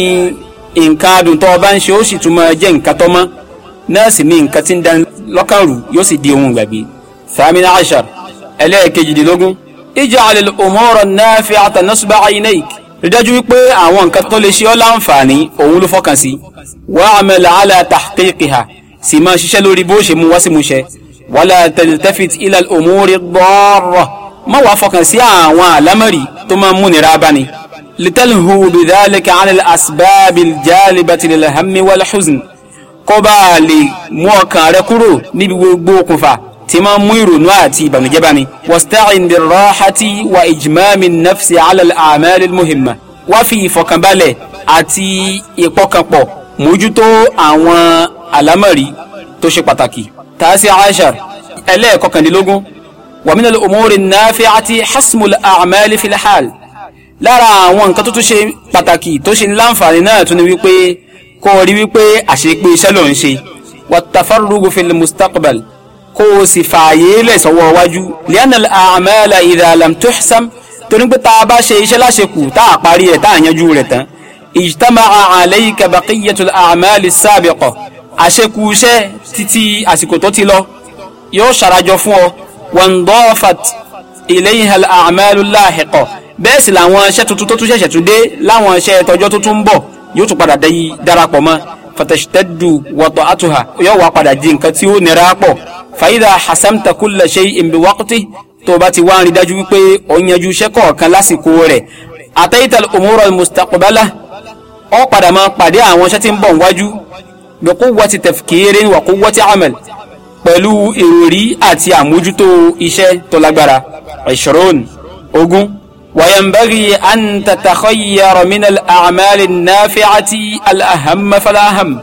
Speaker 1: nǹkan adùn tó bá ń ṣe ó sì tún máa jẹ́ nǹkan tó mọ́ náà sì ni nǹkan tí ń dan lọ́kàn rù yóò sì di ohun gbàgbé. thamina ashar ẹlẹ́ẹ̀kejìdínlógún ij'al al rí dájú wípé àwọn nǹkan tó lè ṣe ọ́ láǹfààní òun ló fọkàn sí wà á mẹ́la àlà tahqiqiha sì máa ṣiṣẹ́ lórí bó ṣe mú wá sí múṣẹ wàlá tẹlifẹ̀t ilà òmùúrí gbọ́ọ̀rọ̀ má wàá fọkàn sí àwọn àlámọ̀rí tó máa ń múnira bá ni. litalhu bidhalika anil asbaabi jaalibati lil hammi wal huzn kó bá a lè mú ọkàn rẹ kúrò níbi gbogbo okùnfà tí máa ń mú ìrònú àti ìbànújẹ́ bá mi. wasta'in bi rahati wa ijmami nafsi ala al-a'malil muhimma wá fi ìfọkànbalẹ̀ àti ìpọkànpọ̀ mójútó àwọn àlámọ̀rí tó ṣe pàtàkì. tààsí aishar ẹlẹ́ẹ̀kọkànlélógún wa min al-umuri an-nafi'ati hasmul a'mali fil hal lára àwọn nǹkan tó tún ṣe pàtàkì tó ṣe láǹfààní náà tún ni wípé kó rí wípé àṣepé iṣẹ́ ló ń ṣe wa tafarrugu kó o sì fààyè lẹ̀ sọ́wọ́ wájú lianna amala idha lam tuhsam torí pé tá a bá ṣe iṣẹ́ láṣekù tá a parí ẹ̀ tá a yanjú rẹ̀ tán ijtama'a alayka baqiyatul a'mali sabiqa àṣekù iṣẹ́ títí àsìkò tó ti lọ yóò ṣàràjọ fún ọ wandafat ilayha al-a'malu lahiqa bẹ́ẹ̀ sì làwọn iṣẹ́ tuntun tó tún ṣẹ̀ṣẹ̀ tún dé láwọn iṣẹ́ tọjọ́ tó ń bọ̀ yóò tún padà darapọ̀ mọ́ fatashtaddu wata'atuha yóò wá padà di nǹkan tí ó nira pọ̀ fàyídà hasamta kulla shay'in bi waqti tó o bá ti wá rí dájú wípé ó yanjú iṣẹ́ kọ̀ọ̀kan lásìkò rẹ̀ àtẹ́yìtà umura mustaqbala ó padà máa pàdé àwọn iṣẹ́ tí ń bọ̀ bi quwwati tafkirin wa quwwati amal pẹ̀lú ìròrí àti àmójútó iṣẹ́ tó lágbára ìṣòro ogún وينبغي أن تتخير من الأعمال النافعة الأهم فالأهم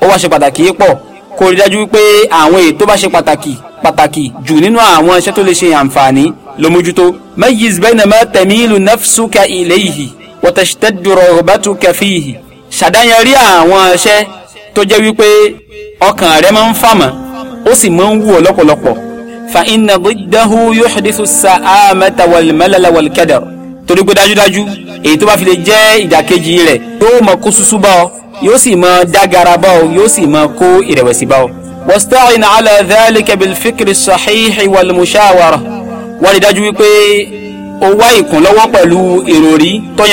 Speaker 1: ó wá ṣe pàtàkì pọ̀ kó rí dájú pé àwọn èyí tó bá ṣe pàtàkì pàtàkì jù nínú àwọn iṣẹ́ tó lè ṣe àǹfààní ló mójútó. ميز بين ما تميل نفسك إليه وتشتد رغبتك فيه. ṣàdáyanrí àwọn iṣẹ́ tó jẹ́ wípé ọkàn rẹ máa ń fàmọ́ ó sì máa ń wù ọ́ lọ́pọ̀lọpọ̀ فإن ضده يحدث السآمة والملل والكدر torí pé dájúdájú èyí tó bá fi lè jẹ́ ìdàkejì rẹ̀ yóò máa kó susu bá ọ yóò sì máa dágara bá ọ yóò sì máa kó ìrẹ̀wẹ̀sì bá ọ. واستعن على ذلك بالفكر الصحيح والمشاورة wọ́n rí dájú wípé ó wá ìkúnlọ́wọ́ pẹ̀lú ìròrí tó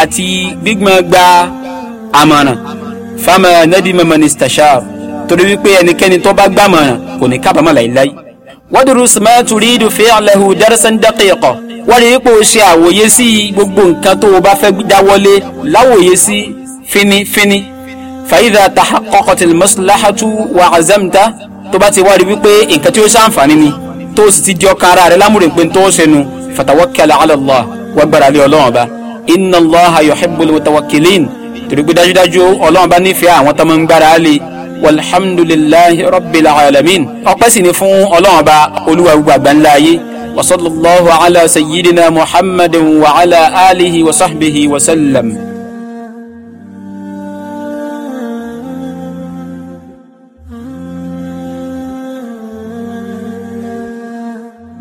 Speaker 1: àti gbígbọ́n àmọ̀ràn فما ندم من استشار torí wípé ẹnikẹ́ni tó bá gbàmọ̀ràn kò ní kábàámọ̀ láìláì wadurus ma turidu fi'lahu darsan daqiqa wọ́n rí pé o ṣe àwòye sí gbogbo nǹkan tó o bá fẹ́ dáwọ́lé láwòye sí finifini fàyídà tahaqqaqat al-maslahatu wa azamta tó bá ti wá rí wípé nǹkan tí ó ṣàǹfààní ni tó o sì ti di ọkàn rẹ lámúre tó o ṣe nu fatawakkal ala Allah wọ́n gbára lé ọlọ́run ọba inna Allaha yuhibbul mutawakkilin torí pé dájúdájú ọlọ́run ọba nífẹ̀ẹ́ àwọn tó máa ń gbára lé walhamdulillahi rabbil alamin ọpẹ́ sì ni fún ọlọ́run ọba olúwa gbogbo àgbáńlá ayé wa sallallahu ala sayyidina muhammadin wa ala alihi wa sahbihi wa sallam.